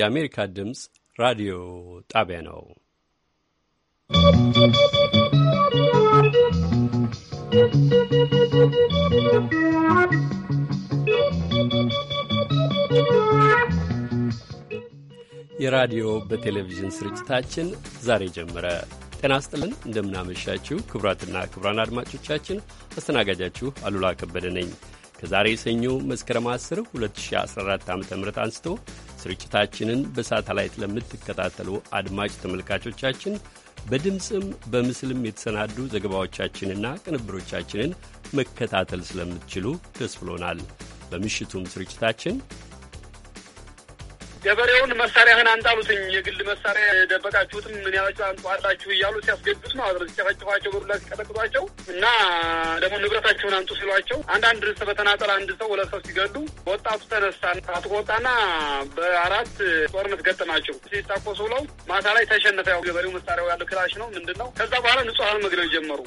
የአሜሪካ ድምፅ ራዲዮ ጣቢያ ነው። የራዲዮ በቴሌቪዥን ስርጭታችን ዛሬ ጀመረ። ጤና ስጥልን፣ እንደምናመሻችሁ ክቡራትና ክቡራን አድማጮቻችን አስተናጋጃችሁ አሉላ ከበደ ነኝ። ከዛሬ የሰኞ መስከረም 10 2014 ዓ ም አንስቶ ስርጭታችንን በሳተላይት ለምትከታተሉ አድማጭ ተመልካቾቻችን በድምፅም በምስልም የተሰናዱ ዘገባዎቻችንና ቅንብሮቻችንን መከታተል ስለምትችሉ ደስ ብሎናል። በምሽቱም ስርጭታችን ገበሬውን መሳሪያህን አንጣሉትኝ የግል መሳሪያ የደበቃችሁትም ምን ያላችሁ አንጡ እያሉ ሲያስገቡት ማለት ነው። ሲጨፈጭፏቸው፣ በዱላ ሲቀጠቅጧቸው እና ደግሞ ንብረታችሁን አንጡ ሲሏቸው አንዳንድ ርስ በተናጠል አንድ ሰው ሁለት ሰው ሲገዱ ወጣቱ ተነሳ አጥቆ ወጣና በአራት ጦርነት ገጠማቸው። ሲታኮሱ ብለው ማታ ላይ ተሸነፈ። ያው ገበሬው መሳሪያው ያለው ክላሽ ነው ምንድን ነው። ከዛ በኋላ ንጹሐን መግደል ጀመሩ።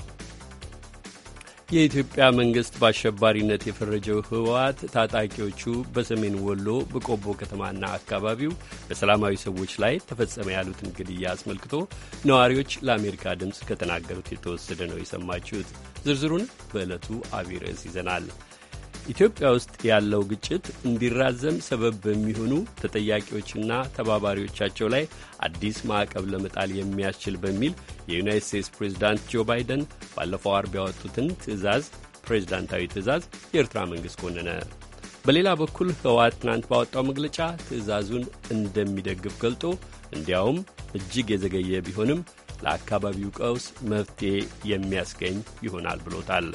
የኢትዮጵያ መንግስት በአሸባሪነት የፈረጀው ህወሓት ታጣቂዎቹ በሰሜን ወሎ በቆቦ ከተማና አካባቢው በሰላማዊ ሰዎች ላይ ተፈጸመ ያሉትን ግድያ አስመልክቶ ነዋሪዎች ለአሜሪካ ድምፅ ከተናገሩት የተወሰደ ነው የሰማችሁት። ዝርዝሩን በዕለቱ አቢይ ርዕስ ይዘናል። ኢትዮጵያ ውስጥ ያለው ግጭት እንዲራዘም ሰበብ በሚሆኑ ተጠያቂዎችና ተባባሪዎቻቸው ላይ አዲስ ማዕቀብ ለመጣል የሚያስችል በሚል የዩናይት ስቴትስ ፕሬዚዳንት ጆ ባይደን ባለፈው አርብ ያወጡትን ትዕዛዝ ፕሬዚዳንታዊ ትዕዛዝ የኤርትራ መንግሥት ኮነነ። በሌላ በኩል ህወሓት ትናንት ባወጣው መግለጫ ትዕዛዙን እንደሚደግፍ ገልጦ እንዲያውም እጅግ የዘገየ ቢሆንም ለአካባቢው ቀውስ መፍትሄ የሚያስገኝ ይሆናል ብሎታል።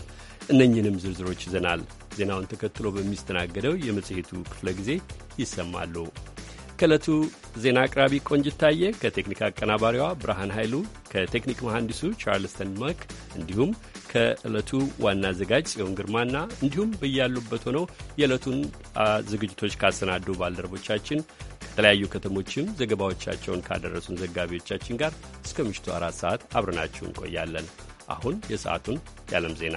እነኝህንም ዝርዝሮች ይዘናል። ዜናውን ተከትሎ በሚስተናገደው የመጽሔቱ ክፍለ ጊዜ ይሰማሉ። ከዕለቱ ዜና አቅራቢ ቆንጅታየ፣ ከቴክኒክ አቀናባሪዋ ብርሃን ኃይሉ፣ ከቴክኒክ መሐንዲሱ ቻርልስተን መክ እንዲሁም ከዕለቱ ዋና አዘጋጅ ጽዮን ግርማና እንዲሁም በያሉበት ሆነው የዕለቱን ዝግጅቶች ካሰናዱ ባልደረቦቻችን ከተለያዩ ከተሞችም ዘገባዎቻቸውን ካደረሱን ዘጋቢዎቻችን ጋር እስከ ምሽቱ አራት ሰዓት አብረናችሁ እንቆያለን። አሁን የሰዓቱን የዓለም ዜና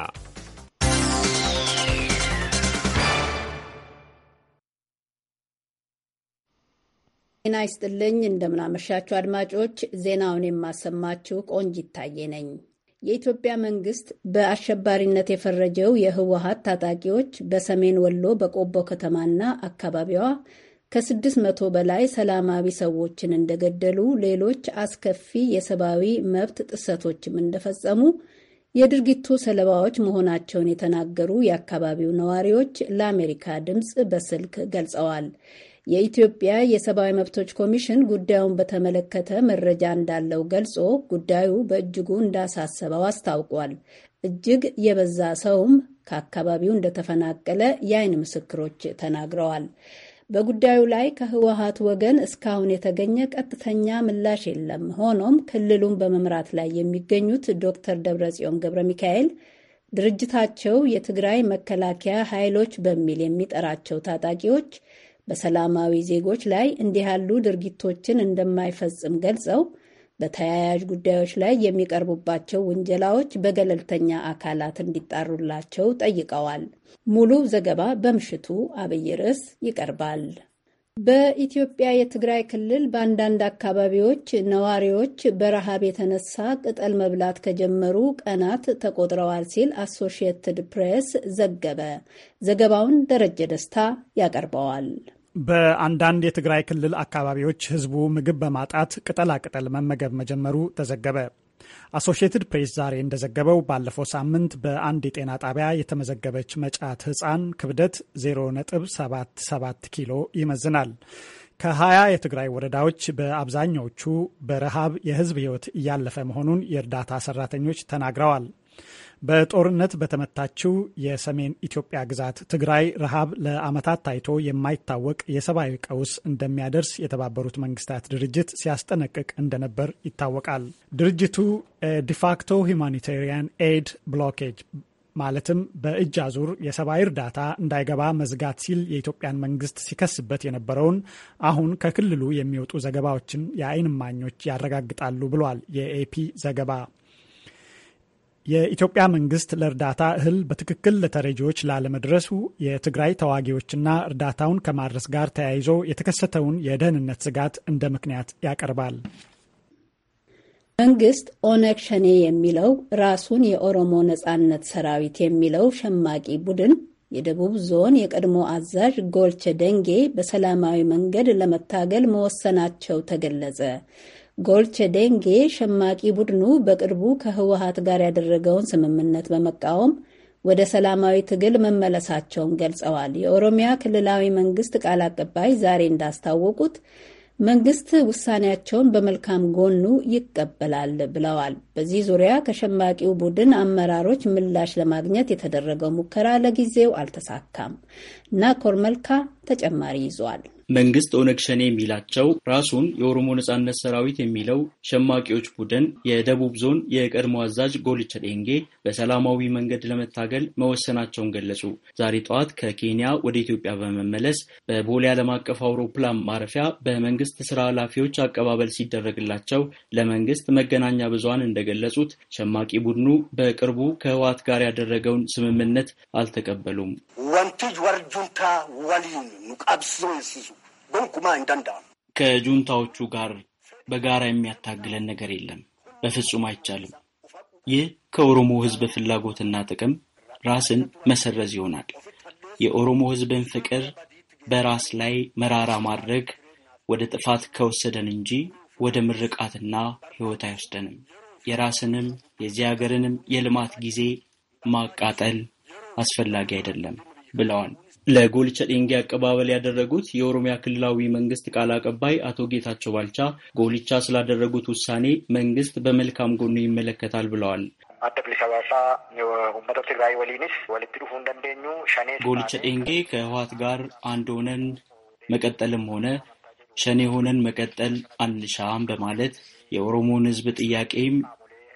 ጤና ይስጥልኝ እንደምናመሻችሁ አድማጮች፣ ዜናውን የማሰማችሁ ቆንጅ ይታየ ነኝ። የኢትዮጵያ መንግስት በአሸባሪነት የፈረጀው የህወሀት ታጣቂዎች በሰሜን ወሎ በቆቦ ከተማና አካባቢዋ ከ600 በላይ ሰላማዊ ሰዎችን እንደገደሉ፣ ሌሎች አስከፊ የሰብአዊ መብት ጥሰቶችም እንደፈጸሙ የድርጊቱ ሰለባዎች መሆናቸውን የተናገሩ የአካባቢው ነዋሪዎች ለአሜሪካ ድምፅ በስልክ ገልጸዋል። የኢትዮጵያ የሰብአዊ መብቶች ኮሚሽን ጉዳዩን በተመለከተ መረጃ እንዳለው ገልጾ ጉዳዩ በእጅጉ እንዳሳሰበው አስታውቋል። እጅግ የበዛ ሰውም ከአካባቢው እንደተፈናቀለ የአይን ምስክሮች ተናግረዋል። በጉዳዩ ላይ ከህወሀት ወገን እስካሁን የተገኘ ቀጥተኛ ምላሽ የለም። ሆኖም ክልሉን በመምራት ላይ የሚገኙት ዶክተር ደብረጽዮን ገብረ ሚካኤል ድርጅታቸው የትግራይ መከላከያ ኃይሎች በሚል የሚጠራቸው ታጣቂዎች በሰላማዊ ዜጎች ላይ እንዲህ ያሉ ድርጊቶችን እንደማይፈጽም ገልጸው በተያያዥ ጉዳዮች ላይ የሚቀርቡባቸው ውንጀላዎች በገለልተኛ አካላት እንዲጣሩላቸው ጠይቀዋል። ሙሉ ዘገባ በምሽቱ አብይ ርዕስ ይቀርባል። በኢትዮጵያ የትግራይ ክልል በአንዳንድ አካባቢዎች ነዋሪዎች በረሃብ የተነሳ ቅጠል መብላት ከጀመሩ ቀናት ተቆጥረዋል ሲል አሶሺየትድ ፕሬስ ዘገበ። ዘገባውን ደረጀ ደስታ ያቀርበዋል። በአንዳንድ የትግራይ ክልል አካባቢዎች ህዝቡ ምግብ በማጣት ቅጠላቅጠል መመገብ መጀመሩ ተዘገበ። አሶሺየትድ ፕሬስ ዛሬ እንደዘገበው ባለፈው ሳምንት በአንድ የጤና ጣቢያ የተመዘገበች መጫት ህፃን ክብደት 0.77 ኪሎ ይመዝናል። ከ ከ20 የትግራይ ወረዳዎች በአብዛኛዎቹ በረሃብ የህዝብ ህይወት እያለፈ መሆኑን የእርዳታ ሰራተኞች ተናግረዋል። በጦርነት በተመታችው የሰሜን ኢትዮጵያ ግዛት ትግራይ ረሃብ ለዓመታት ታይቶ የማይታወቅ የሰብአዊ ቀውስ እንደሚያደርስ የተባበሩት መንግስታት ድርጅት ሲያስጠነቅቅ እንደነበር ይታወቃል። ድርጅቱ ዲፋክቶ ሁማኒታሪያን ኤድ ብሎኬጅ ማለትም በእጅ አዙር የሰብአዊ እርዳታ እንዳይገባ መዝጋት ሲል የኢትዮጵያን መንግስት ሲከስበት የነበረውን አሁን ከክልሉ የሚወጡ ዘገባዎችን የአይን እማኞች ያረጋግጣሉ ብሏል የኤፒ ዘገባ። የኢትዮጵያ መንግስት ለእርዳታ እህል በትክክል ለተረጂዎች ላለመድረሱ የትግራይ ተዋጊዎችና እርዳታውን ከማድረስ ጋር ተያይዞ የተከሰተውን የደህንነት ስጋት እንደ ምክንያት ያቀርባል። መንግስት ኦነግ ሸኔ የሚለው ራሱን የኦሮሞ ነጻነት ሰራዊት የሚለው ሸማቂ ቡድን የደቡብ ዞን የቀድሞ አዛዥ ጎልቸ ደንጌ በሰላማዊ መንገድ ለመታገል መወሰናቸው ተገለጸ። ጎልቸዴንጌ ሸማቂ ቡድኑ በቅርቡ ከህወሀት ጋር ያደረገውን ስምምነት በመቃወም ወደ ሰላማዊ ትግል መመለሳቸውን ገልጸዋል። የኦሮሚያ ክልላዊ መንግስት ቃል አቀባይ ዛሬ እንዳስታወቁት መንግስት ውሳኔያቸውን በመልካም ጎኑ ይቀበላል ብለዋል። በዚህ ዙሪያ ከሸማቂው ቡድን አመራሮች ምላሽ ለማግኘት የተደረገው ሙከራ ለጊዜው አልተሳካም እና ኮርመልካ ተጨማሪ ይዟል። መንግስት ኦነግ ሸኔ የሚላቸው ራሱን የኦሮሞ ነጻነት ሰራዊት የሚለው ሸማቂዎች ቡድን የደቡብ ዞን የቀድሞ አዛዥ ጎልቸ ዴንጌ በሰላማዊ መንገድ ለመታገል መወሰናቸውን ገለጹ። ዛሬ ጠዋት ከኬንያ ወደ ኢትዮጵያ በመመለስ በቦሌ ዓለም አቀፍ አውሮፕላን ማረፊያ በመንግስት ስራ ኃላፊዎች አቀባበል ሲደረግላቸው ለመንግስት መገናኛ ብዙሃን እንደገለጹት ሸማቂ ቡድኑ በቅርቡ ከህወሓት ጋር ያደረገውን ስምምነት አልተቀበሉም። ወንትጅ ወርጁንታ ወሊን ይስዙ ከጁንታዎቹ ጋር በጋራ የሚያታግለን ነገር የለም። በፍጹም አይቻልም። ይህ ከኦሮሞ ሕዝብ ፍላጎትና ጥቅም ራስን መሰረዝ ይሆናል። የኦሮሞ ሕዝብን ፍቅር በራስ ላይ መራራ ማድረግ ወደ ጥፋት ከወሰደን እንጂ ወደ ምርቃትና ሕይወት አይወስደንም። የራስንም የዚህ ሀገርንም የልማት ጊዜ ማቃጠል አስፈላጊ አይደለም ብለዋል ለጎልቸ ዴንጌ አቀባበል ያደረጉት የኦሮሚያ ክልላዊ መንግስት ቃል አቀባይ አቶ ጌታቸው ባልቻ ጎልቻ ስላደረጉት ውሳኔ መንግስት በመልካም ጎኑ ይመለከታል ብለዋል። ጎልቸ ዴንጌ ከህወሓት ጋር አንድ ሆነን መቀጠልም ሆነ ሸኔ ሆነን መቀጠል አንሻም በማለት የኦሮሞን ህዝብ ጥያቄም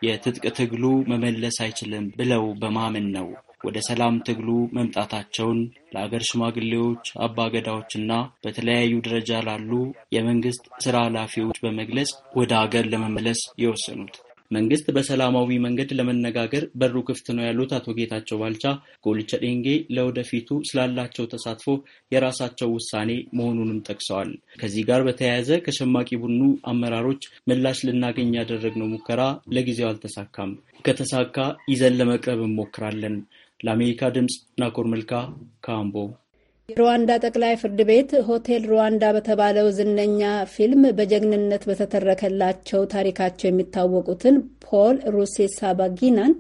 የትጥቅ ትግሉ መመለስ አይችልም ብለው በማመን ነው ወደ ሰላም ትግሉ መምጣታቸውን ለአገር ሽማግሌዎች፣ አባገዳዎችና በተለያዩ ደረጃ ላሉ የመንግስት ስራ ኃላፊዎች በመግለጽ ወደ አገር ለመመለስ የወሰኑት። መንግስት በሰላማዊ መንገድ ለመነጋገር በሩ ክፍት ነው ያሉት አቶ ጌታቸው ባልቻ ጎልቸ ዴንጌ ለወደፊቱ ስላላቸው ተሳትፎ የራሳቸው ውሳኔ መሆኑንም ጠቅሰዋል። ከዚህ ጋር በተያያዘ ከሸማቂ ቡኑ አመራሮች ምላሽ ልናገኝ ያደረግነው ሙከራ ለጊዜው አልተሳካም። ከተሳካ ይዘን ለመቅረብ እንሞክራለን። ለአሜሪካ ድምፅ ናኮር መልካ ካምቦ። የሩዋንዳ ጠቅላይ ፍርድ ቤት ሆቴል ሩዋንዳ በተባለው ዝነኛ ፊልም በጀግንነት በተተረከላቸው ታሪካቸው የሚታወቁትን ፖል ሩሴሳባጊናን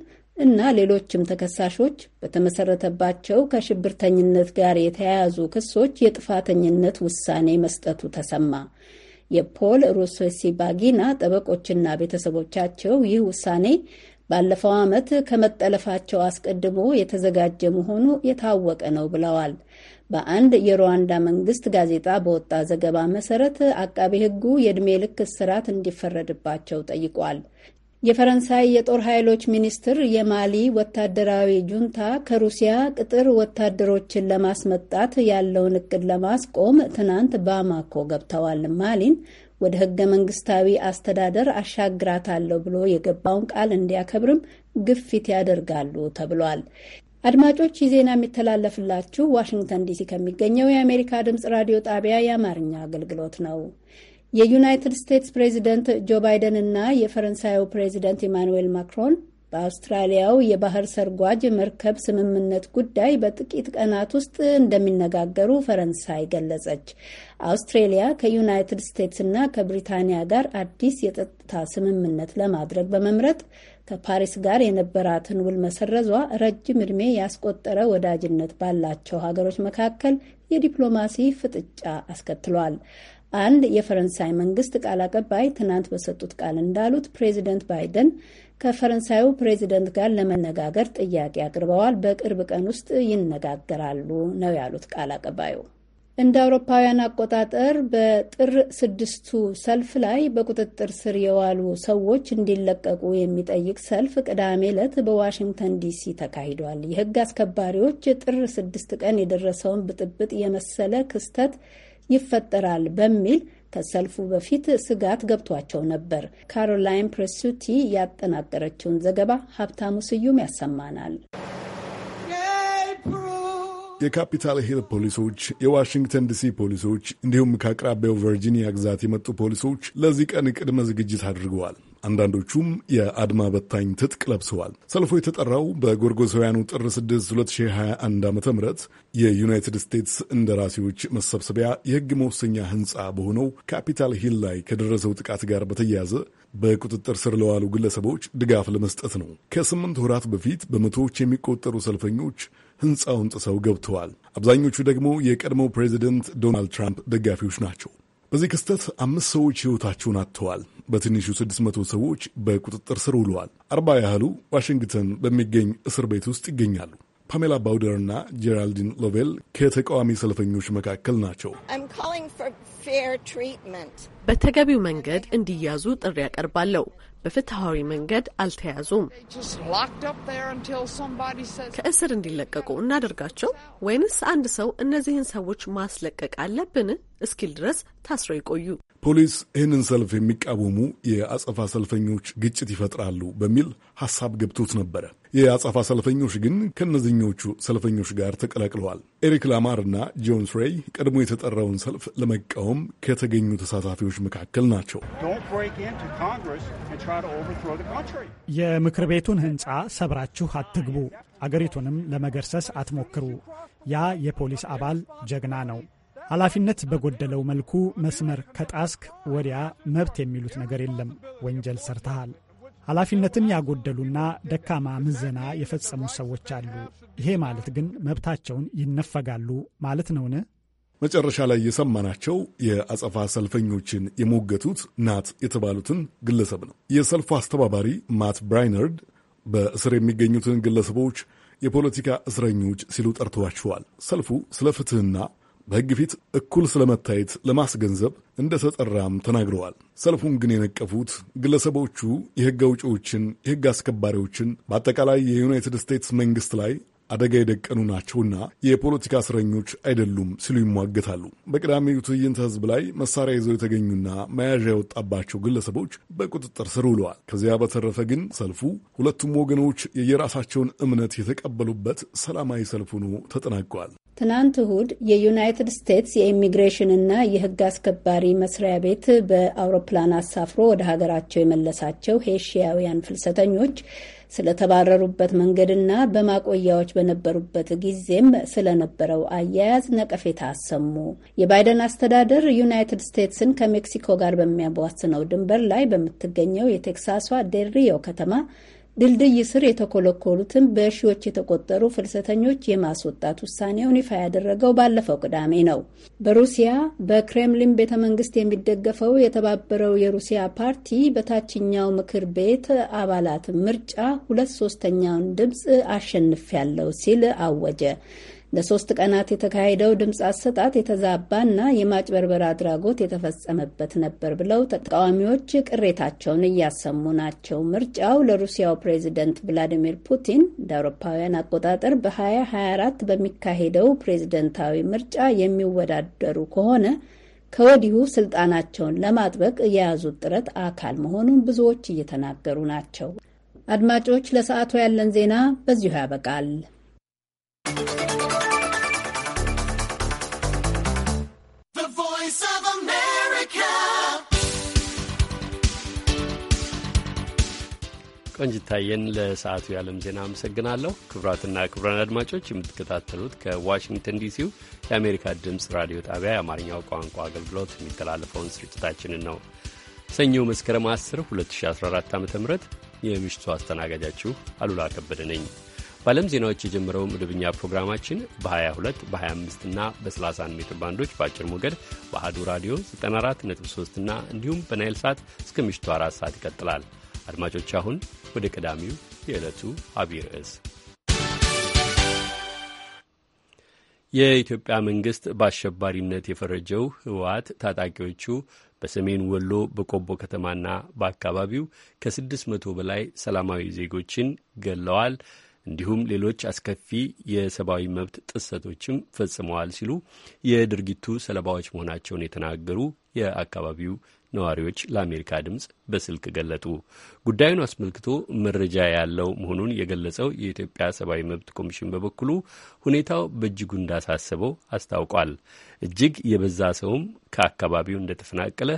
እና ሌሎችም ተከሳሾች በተመሰረተባቸው ከሽብርተኝነት ጋር የተያያዙ ክሶች የጥፋተኝነት ውሳኔ መስጠቱ ተሰማ። የፖል ሩሴሳባጊና ጠበቆችና ቤተሰቦቻቸው ይህ ውሳኔ ባለፈው ዓመት ከመጠለፋቸው አስቀድሞ የተዘጋጀ መሆኑ የታወቀ ነው ብለዋል። በአንድ የሩዋንዳ መንግስት ጋዜጣ በወጣ ዘገባ መሰረት አቃቤ ሕጉ የዕድሜ ልክ እስራት እንዲፈረድባቸው ጠይቋል። የፈረንሳይ የጦር ኃይሎች ሚኒስትር የማሊ ወታደራዊ ጁንታ ከሩሲያ ቅጥር ወታደሮችን ለማስመጣት ያለውን እቅድ ለማስቆም ትናንት ባማኮ ገብተዋል። ማሊን ወደ ህገ መንግስታዊ አስተዳደር አሻግራታለሁ ብሎ የገባውን ቃል እንዲያከብርም ግፊት ያደርጋሉ ተብሏል። አድማጮች ይህ ዜና የሚተላለፍላችሁ ዋሽንግተን ዲሲ ከሚገኘው የአሜሪካ ድምፅ ራዲዮ ጣቢያ የአማርኛ አገልግሎት ነው። የዩናይትድ ስቴትስ ፕሬዚደንት ጆ ባይደን እና የፈረንሳዩ ፕሬዚደንት ኢማኑዌል ማክሮን በአውስትራሊያው የባህር ሰርጓጅ መርከብ ስምምነት ጉዳይ በጥቂት ቀናት ውስጥ እንደሚነጋገሩ ፈረንሳይ ገለጸች። አውስትሬሊያ ከዩናይትድ ስቴትስ ና ከብሪታንያ ጋር አዲስ የጸጥታ ስምምነት ለማድረግ በመምረጥ ከፓሪስ ጋር የነበራትን ውል መሰረዟ ረጅም ዕድሜ ያስቆጠረ ወዳጅነት ባላቸው ሀገሮች መካከል የዲፕሎማሲ ፍጥጫ አስከትሏል። አንድ የፈረንሳይ መንግስት ቃል አቀባይ ትናንት በሰጡት ቃል እንዳሉት ፕሬዚደንት ባይደን ከፈረንሳዩ ፕሬዚደንት ጋር ለመነጋገር ጥያቄ አቅርበዋል። በቅርብ ቀን ውስጥ ይነጋገራሉ ነው ያሉት ቃል አቀባዩ። እንደ አውሮፓውያን አቆጣጠር በጥር ስድስቱ ሰልፍ ላይ በቁጥጥር ስር የዋሉ ሰዎች እንዲለቀቁ የሚጠይቅ ሰልፍ ቅዳሜ ዕለት በዋሽንግተን ዲሲ ተካሂዷል። የህግ አስከባሪዎች ጥር ስድስት ቀን የደረሰውን ብጥብጥ የመሰለ ክስተት ይፈጠራል በሚል ከሰልፉ በፊት ስጋት ገብቷቸው ነበር። ካሮላይን ፕሬሱቲ ያጠናቀረችውን ዘገባ ሀብታሙ ስዩም ያሰማናል። የካፒታል ሂል ፖሊሶች፣ የዋሽንግተን ዲሲ ፖሊሶች እንዲሁም ከአቅራቢያው ቨርጂኒያ ግዛት የመጡ ፖሊሶች ለዚህ ቀን ቅድመ ዝግጅት አድርገዋል። አንዳንዶቹም የአድማ በታኝ ትጥቅ ለብሰዋል። ሰልፉ የተጠራው በጎርጎሳውያኑ ጥር 6 2021 ዓ ም የዩናይትድ ስቴትስ እንደራሴዎች መሰብሰቢያ የሕግ መወሰኛ ሕንፃ በሆነው ካፒታል ሂል ላይ ከደረሰው ጥቃት ጋር በተያያዘ በቁጥጥር ስር ለዋሉ ግለሰቦች ድጋፍ ለመስጠት ነው። ከስምንት ወራት በፊት በመቶዎች የሚቆጠሩ ሰልፈኞች ሕንፃውን ጥሰው ገብተዋል። አብዛኞቹ ደግሞ የቀድሞው ፕሬዚደንት ዶናልድ ትራምፕ ደጋፊዎች ናቸው። በዚህ ክስተት አምስት ሰዎች ሕይወታቸውን አጥተዋል። በትንሹ 600 ሰዎች በቁጥጥር ስር ውለዋል። አርባ ያህሉ ዋሽንግተን በሚገኝ እስር ቤት ውስጥ ይገኛሉ። ፓሜላ እና ጄራልዲን ሎቬል ከተቃዋሚ ሰልፈኞች መካከል ናቸው። በተገቢው መንገድ እንዲያዙ ጥሪ ያቀርባለሁ። በፍትሐዊ መንገድ አልተያዙም። ከእስር እንዲለቀቁ እናደርጋቸው ወይንስ አንድ ሰው እነዚህን ሰዎች ማስለቀቅ አለብን እስኪል ድረስ ታስረው ይቆዩ? ፖሊስ ይህንን ሰልፍ የሚቃወሙ የአጸፋ ሰልፈኞች ግጭት ይፈጥራሉ በሚል ሀሳብ ገብቶት ነበረ። የአጸፋ ሰልፈኞች ግን ከእነዚህኞቹ ሰልፈኞች ጋር ተቀላቅለዋል። ኤሪክ እና ጆን ስሬይ ቀድሞ የተጠራውን ሰልፍ ለመቃወም ከተገኙ ተሳታፊዎች መካከል ናቸው። የምክር ቤቱን ሕንፃ ሰብራችሁ አትግቡ፣ አገሪቱንም ለመገርሰስ አትሞክሩ። ያ የፖሊስ አባል ጀግና ነው። ኃላፊነት በጎደለው መልኩ መስመር ከጣስክ ወዲያ መብት የሚሉት ነገር የለም። ወንጀል ሰርተሃል። ኃላፊነትን ያጎደሉና ደካማ ምዘና የፈጸሙ ሰዎች አሉ። ይሄ ማለት ግን መብታቸውን ይነፈጋሉ ማለት ነውን? መጨረሻ ላይ የሰማናቸው የአጸፋ ሰልፈኞችን የሞገቱት ናት የተባሉትን ግለሰብ ነው። የሰልፉ አስተባባሪ ማት ብራይነርድ በእስር የሚገኙትን ግለሰቦች የፖለቲካ እስረኞች ሲሉ ጠርተዋቸዋል። ሰልፉ ስለ ፍትህና በሕግ ፊት እኩል ስለመታየት ለማስገንዘብ እንደተጠራም ተናግረዋል። ሰልፉን ግን የነቀፉት ግለሰቦቹ የሕግ አውጪዎችን፣ የሕግ አስከባሪዎችን፣ በአጠቃላይ የዩናይትድ ስቴትስ መንግስት ላይ አደጋ የደቀኑ ናቸውና የፖለቲካ እስረኞች አይደሉም ሲሉ ይሟገታሉ። በቅዳሜው ትዕይንተ ህዝብ ላይ መሳሪያ ይዘው የተገኙና መያዣ የወጣባቸው ግለሰቦች በቁጥጥር ስር ውለዋል። ከዚያ በተረፈ ግን ሰልፉ ሁለቱም ወገኖች የየራሳቸውን እምነት የተቀበሉበት ሰላማዊ ሰልፍ ሆኖ ተጠናቀዋል። ትናንት እሁድ የዩናይትድ ስቴትስ የኢሚግሬሽንና የሕግ አስከባሪ መስሪያ ቤት በአውሮፕላን አሳፍሮ ወደ ሀገራቸው የመለሳቸው ሄሺያውያን ፍልሰተኞች ስለተባረሩበት መንገድና በማቆያዎች በነበሩበት ጊዜም ስለነበረው አያያዝ ነቀፌታ አሰሙ። የባይደን አስተዳደር ዩናይትድ ስቴትስን ከሜክሲኮ ጋር በሚያዋስነው ድንበር ላይ በምትገኘው የቴክሳሷ ዴልሪዮ ከተማ ድልድይ ስር የተኮለኮሉትን በሺዎች የተቆጠሩ ፍልሰተኞች የማስወጣት ውሳኔውን ይፋ ያደረገው ባለፈው ቅዳሜ ነው። በሩሲያ በክሬምሊን ቤተ መንግስት የሚደገፈው የተባበረው የሩሲያ ፓርቲ በታችኛው ምክር ቤት አባላት ምርጫ ሁለት ሶስተኛውን ድምፅ አሸንፊያለሁ ሲል አወጀ። ለሶስት ቀናት የተካሄደው ድምፅ አሰጣት የተዛባና የማጭበርበር አድራጎት የተፈጸመበት ነበር ብለው ተቃዋሚዎች ቅሬታቸውን እያሰሙ ናቸው። ምርጫው ለሩሲያው ፕሬዚደንት ቭላዲሚር ፑቲን እንደ አውሮፓውያን አቆጣጠር በ2024 በሚካሄደው ፕሬዚደንታዊ ምርጫ የሚወዳደሩ ከሆነ ከወዲሁ ስልጣናቸውን ለማጥበቅ የያዙት ጥረት አካል መሆኑን ብዙዎች እየተናገሩ ናቸው። አድማጮች፣ ለሰዓቱ ያለን ዜና በዚሁ ያበቃል። ቆንጅታየን ለሰዓቱ የዓለም ዜና አመሰግናለሁ። ክቡራትና ክቡራን አድማጮች የምትከታተሉት ከዋሽንግተን ዲሲው የአሜሪካ ድምፅ ራዲዮ ጣቢያ የአማርኛው ቋንቋ አገልግሎት የሚተላለፈውን ስርጭታችንን ነው። ሰኞ መስከረም 10 2014 ዓ ም የምሽቱ አስተናጋጃችሁ አሉላ ከበደ ነኝ። በዓለም ዜናዎች የጀመረው መደበኛ ፕሮግራማችን በ22 በ25 እና በ31 ሜትር ባንዶች በአጭር ሞገድ በአህዱ ራዲዮ 94.3 እና እንዲሁም በናይል ሰዓት እስከ ምሽቱ አራት ሰዓት ይቀጥላል። አድማጮች አሁን ወደ ቀዳሚው የዕለቱ አብይ ርዕስ የኢትዮጵያ መንግስት በአሸባሪነት የፈረጀው ህወሓት ታጣቂዎቹ በሰሜን ወሎ በቆቦ ከተማና በአካባቢው ከስድስት መቶ በላይ ሰላማዊ ዜጎችን ገለዋል፣ እንዲሁም ሌሎች አስከፊ የሰብአዊ መብት ጥሰቶችም ፈጽመዋል ሲሉ የድርጊቱ ሰለባዎች መሆናቸውን የተናገሩ የአካባቢው ነዋሪዎች ለአሜሪካ ድምፅ በስልክ ገለጡ። ጉዳዩን አስመልክቶ መረጃ ያለው መሆኑን የገለጸው የኢትዮጵያ ሰብአዊ መብት ኮሚሽን በበኩሉ ሁኔታው በእጅጉ እንዳሳሰበው አስታውቋል። እጅግ የበዛ ሰውም ከአካባቢው እንደተፈናቀለ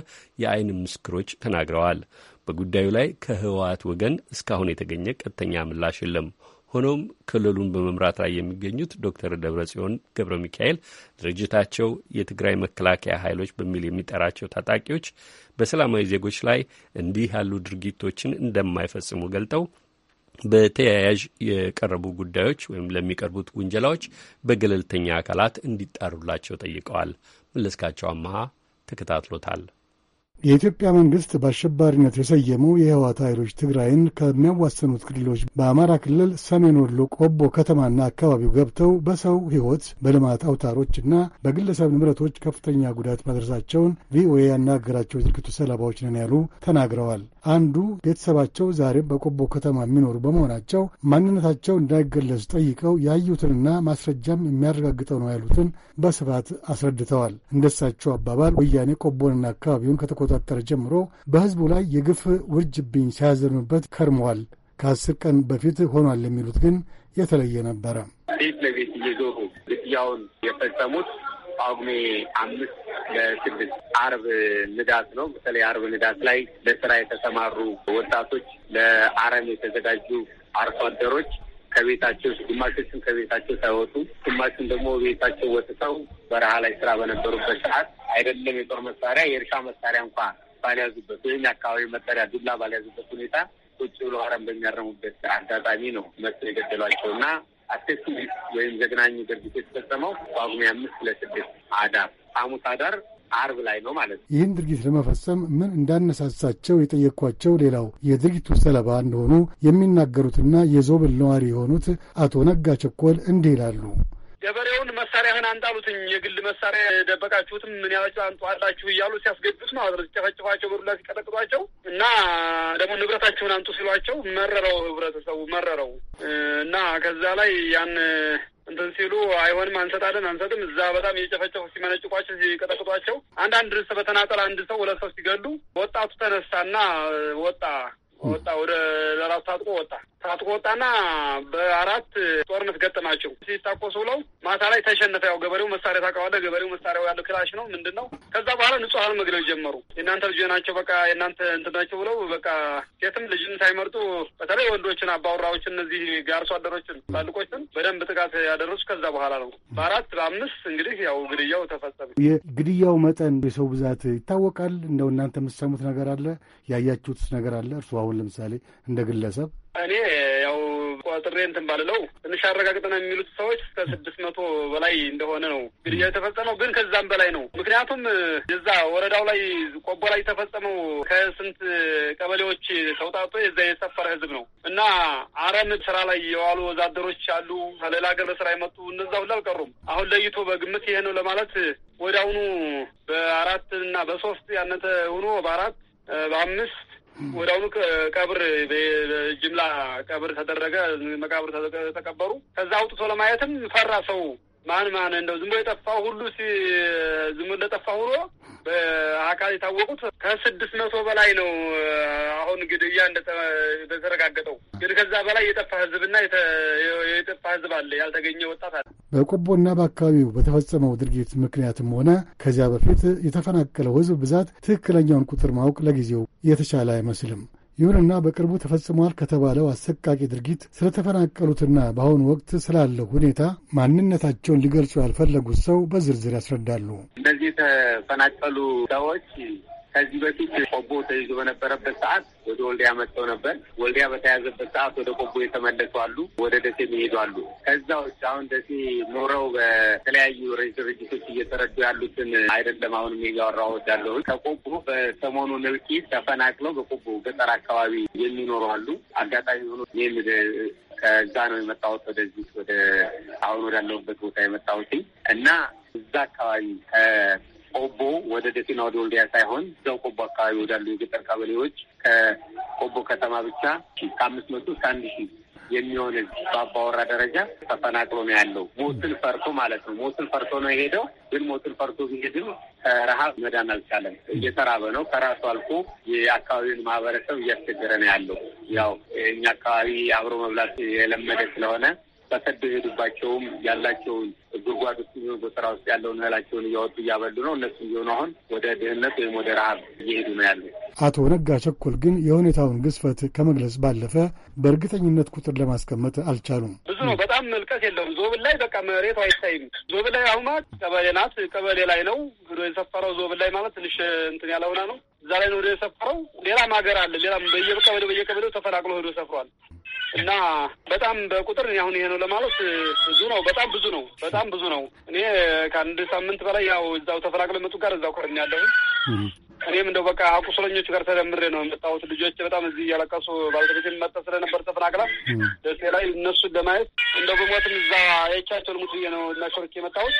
የአይን ምስክሮች ተናግረዋል። በጉዳዩ ላይ ከህወሓት ወገን እስካሁን የተገኘ ቀጥተኛ ምላሽ የለም። ሆኖም ክልሉን በመምራት ላይ የሚገኙት ዶክተር ደብረ ጽዮን ገብረ ሚካኤል ድርጅታቸው የትግራይ መከላከያ ኃይሎች በሚል የሚጠራቸው ታጣቂዎች በሰላማዊ ዜጎች ላይ እንዲህ ያሉ ድርጊቶችን እንደማይፈጽሙ ገልጠው በተያያዥ የቀረቡ ጉዳዮች ወይም ለሚቀርቡት ውንጀላዎች በገለልተኛ አካላት እንዲጣሩላቸው ጠይቀዋል። መለስካቸው አመሃ ተከታትሎታል። የኢትዮጵያ መንግስት በአሸባሪነት የሰየመው የህወሓት ኃይሎች ትግራይን ከሚያዋሰኑት ክልሎች በአማራ ክልል ሰሜን ወሎ ቆቦ ከተማና አካባቢው ገብተው በሰው ህይወት በልማት አውታሮችና በግለሰብ ንብረቶች ከፍተኛ ጉዳት ማድረሳቸውን ቪኦኤ ያናገራቸው የድርጊቱ ሰለባዎች ነን ያሉ ተናግረዋል። አንዱ ቤተሰባቸው ዛሬ በቆቦ ከተማ የሚኖሩ በመሆናቸው ማንነታቸው እንዳይገለጽ ጠይቀው ያዩትንና ማስረጃም የሚያረጋግጠው ነው ያሉትን በስፋት አስረድተዋል። እንደሳቸው አባባል ወያኔ ቆቦንና አካባቢውን ከተቆጣጠረ ጀምሮ በህዝቡ ላይ የግፍ ውርጅብኝ ሲያዘኑበት ከርመዋል። ከአስር ቀን በፊት ሆኗል የሚሉት ግን የተለየ ነበረ። ቤት ለቤት እየዞሩ ግድያውን የፈጸሙት ጳጉሜ አምስት ለስድስት አርብ ንዳት ነው። በተለይ አርብ ንዳት ላይ ለስራ የተሰማሩ ወጣቶች፣ ለአረም የተዘጋጁ አርሶ አደሮች ከቤታቸው ግማሾቹን ከቤታቸው ሳይወጡ ግማሹን ደግሞ ቤታቸው ወጥተው በረሃ ላይ ስራ በነበሩበት ሰዓት አይደለም የጦር መሳሪያ የእርሻ መሳሪያ እንኳ ባልያዙበት ወይም የአካባቢ መጠሪያ ዱላ ባልያዙበት ሁኔታ ቁጭ ብሎ አረም በሚያረሙበት አጋጣሚ ነው መስ የገደሏቸው እና አሴቱ ወይም ዘግናኙ ድርጊት የተፈጸመው ጳጉሜ አምስት ሁለት ስድስት አዳር ሐሙስ አዳር አርብ ላይ ነው ማለት ነው። ይህን ድርጊት ለመፈጸም ምን እንዳነሳሳቸው የጠየኳቸው ሌላው የድርጊቱ ሰለባ እንደሆኑ የሚናገሩትና የዞብል ነዋሪ የሆኑት አቶ ነጋ ቸኮል እንዲህ ይላሉ። ገበሬውን መሳሪያህን አንጣሉትኝ የግል መሳሪያ የደበቃችሁትም ምን ያላችሁ አንጡ እያሉ ሲያስገዱት ማለት ነው። ሲጨፈጭፏቸው፣ በዱላ ሲቀጠቅጧቸው እና ደግሞ ንብረታችሁን አንጡ ሲሏቸው መረረው፣ ህብረተሰቡ መረረው እና ከዛ ላይ ያን እንትን ሲሉ አይሆንም፣ አንሰጣለን፣ አንሰጥም እዛ በጣም እየጨፈጨፉ ሲመነጭቋቸው፣ ሲቀጠቅጧቸው አንዳንድ ሰው በተናጠል አንድ ሰው ሁለት ሰው ሲገሉ ወጣቱ ተነሳና ወጣ ወጣ ወደ ለራሱ ታጥቆ ወጣ። ታጥቆ ወጣና በአራት ጦርነት ገጠማቸው። ሲታቆሱ ብለው ማታ ላይ ተሸነፈ። ያው ገበሬው መሳሪያ ታውቀዋለህ፣ ገበሬው መሳሪያው ያለው ክላሽ ነው ምንድን ነው። ከዛ በኋላ ንጹሐን መግደል ጀመሩ። የእናንተ ልጅ ናቸው፣ በቃ የእናንተ እንትን ናቸው ብለው በቃ ሴትም ልጅን ሳይመርጡ በተለይ ወንዶችን፣ አባወራዎችን፣ እነዚህ አርሶ አደሮችን፣ ባልቆችን በደንብ ጥቃት ያደረሱ ከዛ በኋላ ነው። በአራት በአምስት እንግዲህ ያው ግድያው ተፈጸመ። የግድያው መጠን የሰው ብዛት ይታወቃል። እንደው እናንተ የምትሰሙት ነገር አለ፣ ያያችሁትስ ነገር አለ እርሱ አሁን ለምሳሌ እንደ ግለሰብ እኔ ያው ቆጥሬ እንትን ባልለው ትንሽ ነው የሚሉት ሰዎች እስከ ስድስት መቶ በላይ እንደሆነ ነው እንግዲህ የተፈጸመው፣ ግን ከዛም በላይ ነው። ምክንያቱም የዛ ወረዳው ላይ ቆቦ ላይ የተፈጸመው ከስንት ቀበሌዎች ተውጣጦ የዛ የሰፈረ ህዝብ ነው እና አረም ስራ ላይ የዋሉ ወዛደሮች አሉ፣ ከሌላ ሀገር በስራ የመጡ እነዛ ሁሉ አልቀሩም። አሁን ለይቶ በግምት ይሄ ነው ለማለት ወደ አሁኑ በአራት እና በሶስት ያነተ ሆኖ በአራት በአምስት ወዲያውኑ ቀብር ጅምላ ቀብር ተደረገ፣ መቃብር ተቀበሩ። ከዛ አውጥቶ ለማየትም ፈራ ሰው። ማን ማን እንደው ዝም ብሎ የጠፋው ሁሉ ዝም እንደጠፋ ሁሎ በአካል የታወቁት ከስድስት መቶ በላይ ነው። አሁን ግድያ እንደተረጋገጠው ግን ከዛ በላይ የጠፋ ህዝብና የጠፋ ህዝብ አለ፣ ያልተገኘ ወጣት አለ። በቆቦና በአካባቢው በተፈጸመው ድርጊት ምክንያትም ሆነ ከዚያ በፊት የተፈናቀለው ህዝብ ብዛት ትክክለኛውን ቁጥር ማወቅ ለጊዜው የተቻለ አይመስልም። ይሁንና በቅርቡ ተፈጽሟል ከተባለው አሰቃቂ ድርጊት ስለተፈናቀሉትና በአሁኑ ወቅት ስላለው ሁኔታ ማንነታቸውን ሊገልጹ ያልፈለጉት ሰው በዝርዝር ያስረዳሉ። እነዚህ የተፈናቀሉ ሰዎች ከዚህ በፊት ቆቦ ተይዞ በነበረበት ሰዓት ወደ ወልዲያ መጥተው ነበር። ወልዲያ በተያዘበት ሰዓት ወደ ቆቦ የተመለሱ አሉ፣ ወደ ደሴ የሚሄዱ አሉ። ከዛ ውጭ አሁን ደሴ ኖረው በተለያዩ ድርጅቶች እየተረዱ ያሉትን አይደለም። አሁንም እያወራሁት ያለሁት ከቆቦ በሰሞኑ እልቂት ተፈናቅለው በቆቦ ገጠር አካባቢ የሚኖሩ አሉ። አጋጣሚ ሆኖ ከዛ ነው የመጣሁት ወደዚህ ወደ አሁን ወዳለሁበት ቦታ የመጣሁትኝ እና እዛ አካባቢ ቆቦ ወደ ደሴና ወደ ወልዲያ ሳይሆን እዛው ቆቦ አካባቢ ወዳሉ የገጠር ቀበሌዎች ከቆቦ ከተማ ብቻ ከአምስት መቶ እስከ አንድ ሺህ የሚሆን በአባወራ ደረጃ ተፈናቅሎ ነው ያለው። ሞትን ፈርቶ ማለት ነው። ሞትን ፈርቶ ነው የሄደው። ግን ሞትን ፈርቶ ቢሄድም ከረሀብ መዳን አልቻለም። እየተራበ ነው። ከራሱ አልፎ የአካባቢውን ማህበረሰብ እያስቸገረ ነው ያለው። ያው እኛ አካባቢ አብሮ መብላት የለመደ ስለሆነ በሰደው የሄዱባቸውም ያላቸውን ጉድጓድ ውስጥ የሚሆን ጎተራ ውስጥ ያለውን እህላቸውን እያወጡ እያበሉ ነው። እነሱ እየሆኑ አሁን ወደ ድህነት ወይም ወደ ረሀብ እየሄዱ ነው ያሉ አቶ ነጋ ቸኮል ግን የሁኔታውን ግዝፈት ከመግለጽ ባለፈ በእርግጠኝነት ቁጥር ለማስቀመጥ አልቻሉም። ብዙ ነው፣ በጣም መልቀስ የለውም። ዞብ ላይ በቃ መሬቱ አይታይም። ዞብ ላይ አሁማ ቀበሌ ናት፣ ቀበሌ ላይ ነው የሰፈረው። ዞብ ላይ ማለት ትንሽ እንትን ያለሆና ነው እዛ ላይ ነው የሰፈረው። ሌላም ሀገር አለ፣ ሌላም በየቀበሌው በየቀበሌው ተፈናቅሎ ሄዶ ሰፍሯል እና በጣም በቁጥር አሁን ይሄ ነው ለማለት ብዙ ነው፣ በጣም ብዙ ነው። በጣም ብዙ ነው። እኔ ከአንድ ሳምንት በላይ ያው እዛው ተፈናቅለው መጡ ጋር እዛው ከርን ያለሁ እኔም እንደው በቃ ቁስለኞቹ ጋር ተደምሬ ነው የመጣሁት። ልጆች በጣም እዚህ እያለቀሱ ባለቤት መጠ ስለነበር ተፈናቅላ ደሴ ላይ እነሱን ለማየት እንደው በሞትም እዛ የቻቸው ልሙት ብዬ ነው እናሸርክ የመጣሁት።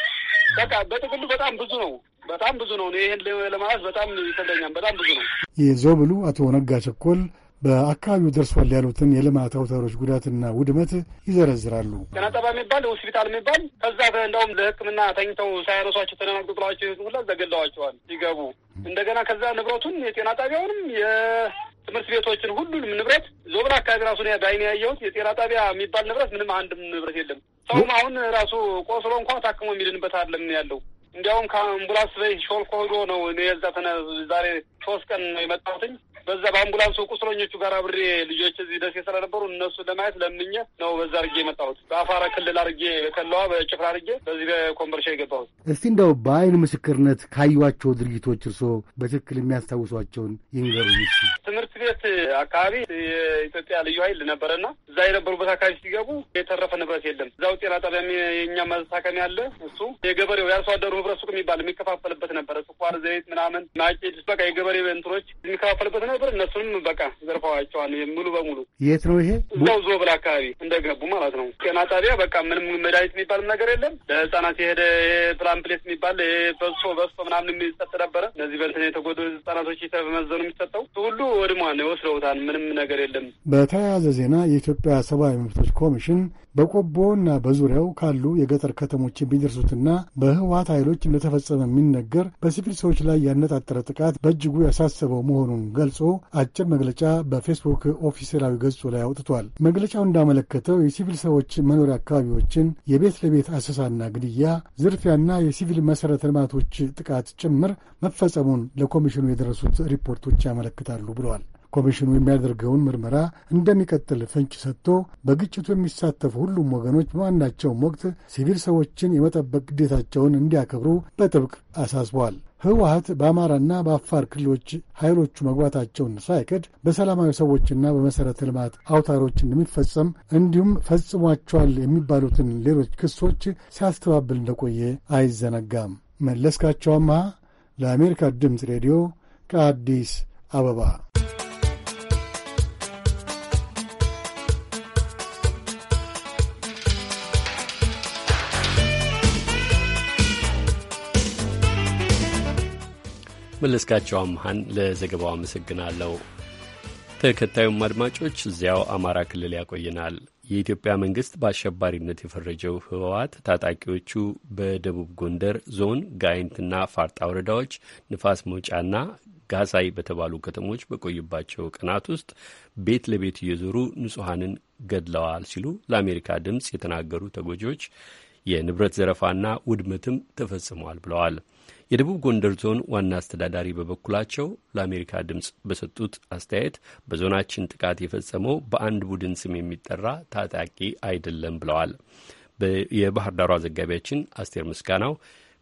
በቃ በጥቅሉ በጣም ብዙ ነው፣ በጣም ብዙ ነው። ይህን ለማለት በጣም ይሰደኛም፣ በጣም ብዙ ነው። የዞብሉ አቶ ነጋ ቸኮል በአካባቢው ደርሷል ያሉትን የልማት አውታሮች ጉዳትና ውድመት ይዘረዝራሉ። ጤና ጣባ የሚባል ሆስፒታል የሚባል ከዛ እንደውም ለሕክምና ተኝተው ሳያነሷቸው ተደናግጡ ጥለዋቸው ሁላ ዘገለዋቸዋል ሲገቡ እንደገና ከዛ ንብረቱን የጤና ጣቢያውንም የትምህርት ቤቶችን ሁሉንም ንብረት ዞብራ አካባቢ ራሱ በዓይኔ ያየሁት የጤና ጣቢያ የሚባል ንብረት ምንም አንድም ንብረት የለም። ሰውም አሁን ራሱ ቆስሎ እንኳ ታክሞ የሚድንበት አለም ያለው እንዲያውም ከአምቡላንስ ላይ ሾልኮ ሂዶ ነው የዛ ዛሬ ሶስት ቀን ነው የመጣሁትኝ በዛ በአምቡላንሱ ቁስለኞቹ ጋር አብሬ ልጆች እዚህ ደሴ ስለነበሩ እነሱ ለማየት ለምኘ ነው በዛ አድርጌ የመጣሁት። በአፋራ ክልል አድርጌ በከለዋ በጭፍራ አድርጌ በዚህ በኮምበርሻ የገባሁት። እስቲ እንደው በአይን ምስክርነት ካዩቸው ድርጊቶች እርስዎ በትክክል የሚያስታውሷቸውን ይንገሩ። ትምህርት ቤት አካባቢ የኢትዮጵያ ልዩ ኃይል ነበረና እዛ የነበሩበት አካባቢ ሲገቡ የተረፈ ንብረት የለም። እዛው ጤና ጣቢያ የእኛ ማሳከሚያ አለ። እሱ የገበሬው የአርሶ አደሩ ንብረት ሱቅ የሚባል የሚከፋፈልበት ነበረ። ስኳር፣ ዘይት ምናምን፣ ማጭድ በቃ የገበሬ እንትኖች የሚከፋፈልበት ነው። ብር እነሱም በቃ ዘርፈዋቸዋል ሙሉ በሙሉ የት ነው ይሄ እዛው ዞብል አካባቢ እንደገቡ ማለት ነው ጤና ጣቢያ በቃ ምንም መድኃኒት የሚባልም ነገር የለም ለህጻናት የሄደ ፕላምፕሌት የሚባል በሶ በሶ ምናምን የሚሰጥ ነበረ እነዚህ በልትን የተጎዱ ህጻናቶች የተመዘኑ የሚሰጠው ሁሉ ወድሟን ወስደውታል ምንም ነገር የለም በተያያዘ ዜና የኢትዮጵያ ሰብአዊ መብቶች ኮሚሽን በቆቦና በዙሪያው ካሉ የገጠር ከተሞች የሚደርሱትና በህወሀት ኃይሎች እንደተፈጸመ የሚነገር በሲቪል ሰዎች ላይ ያነጣጠረ ጥቃት በእጅጉ ያሳሰበው መሆኑን ገልጾ አጭር መግለጫ በፌስቡክ ኦፊሴላዊ ገጹ ላይ አውጥቷል። መግለጫው እንዳመለከተው የሲቪል ሰዎች መኖሪያ አካባቢዎችን የቤት ለቤት አሰሳና ግድያ፣ ዝርፊያና የሲቪል መሠረተ ልማቶች ጥቃት ጭምር መፈጸሙን ለኮሚሽኑ የደረሱት ሪፖርቶች ያመለክታሉ ብለዋል። ኮሚሽኑ የሚያደርገውን ምርመራ እንደሚቀጥል ፍንጭ ሰጥቶ በግጭቱ የሚሳተፉ ሁሉም ወገኖች በማናቸውም ወቅት ሲቪል ሰዎችን የመጠበቅ ግዴታቸውን እንዲያከብሩ በጥብቅ አሳስቧል። ህወሀት በአማራና በአፋር ክልሎች ኃይሎቹ መግባታቸውን ሳይክድ በሰላማዊ ሰዎችና በመሠረተ ልማት አውታሮች እንደሚፈጸም እንዲሁም ፈጽሟቸዋል የሚባሉትን ሌሎች ክሶች ሲያስተባብል እንደቆየ አይዘነጋም። መለስካቸው አምሃ ለአሜሪካ ድምፅ ሬዲዮ ከአዲስ አበባ መለስካቸው አምሃን ለዘገባው አመሰግናለሁ። ተከታዩም አድማጮች እዚያው አማራ ክልል ያቆየናል። የኢትዮጵያ መንግስት በአሸባሪነት የፈረጀው ህወሓት ታጣቂዎቹ በደቡብ ጎንደር ዞን ጋይንትና ፋርጣ ወረዳዎች ንፋስ መውጫና ጋሳይ በተባሉ ከተሞች በቆዩባቸው ቀናት ውስጥ ቤት ለቤት እየዞሩ ንጹሐንን ገድለዋል ሲሉ ለአሜሪካ ድምፅ የተናገሩ ተጎጂዎች የንብረት ዘረፋና ውድመትም ተፈጽሟል ብለዋል። የደቡብ ጎንደር ዞን ዋና አስተዳዳሪ በበኩላቸው ለአሜሪካ ድምፅ በሰጡት አስተያየት በዞናችን ጥቃት የፈጸመው በአንድ ቡድን ስም የሚጠራ ታጣቂ አይደለም ብለዋል። የባህር ዳሯ ዘጋቢያችን አስቴር ምስጋናው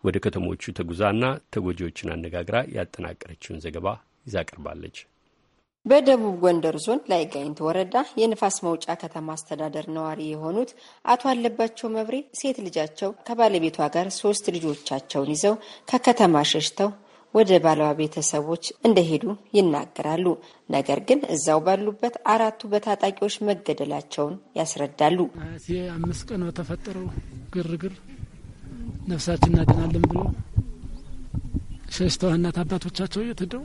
ወደ ከተሞቹ ተጉዛና ተጎጂዎችን አነጋግራ ያጠናቀረችውን ዘገባ ይዛ ቀርባለች። በደቡብ ጎንደር ዞን ላይጋይንት ወረዳ የንፋስ መውጫ ከተማ አስተዳደር ነዋሪ የሆኑት አቶ አለባቸው መብሬ ሴት ልጃቸው ከባለቤቷ ጋር ሶስት ልጆቻቸውን ይዘው ከከተማ ሸሽተው ወደ ባለዋ ቤተሰቦች እንደሄዱ ይናገራሉ። ነገር ግን እዛው ባሉበት አራቱ በታጣቂዎች መገደላቸውን ያስረዳሉ። አምስት ቀን በተፈጠረው ግርግር ነፍሳችን እናድናለን ብሎ ሸሽተው እናት አባቶቻቸው የትደው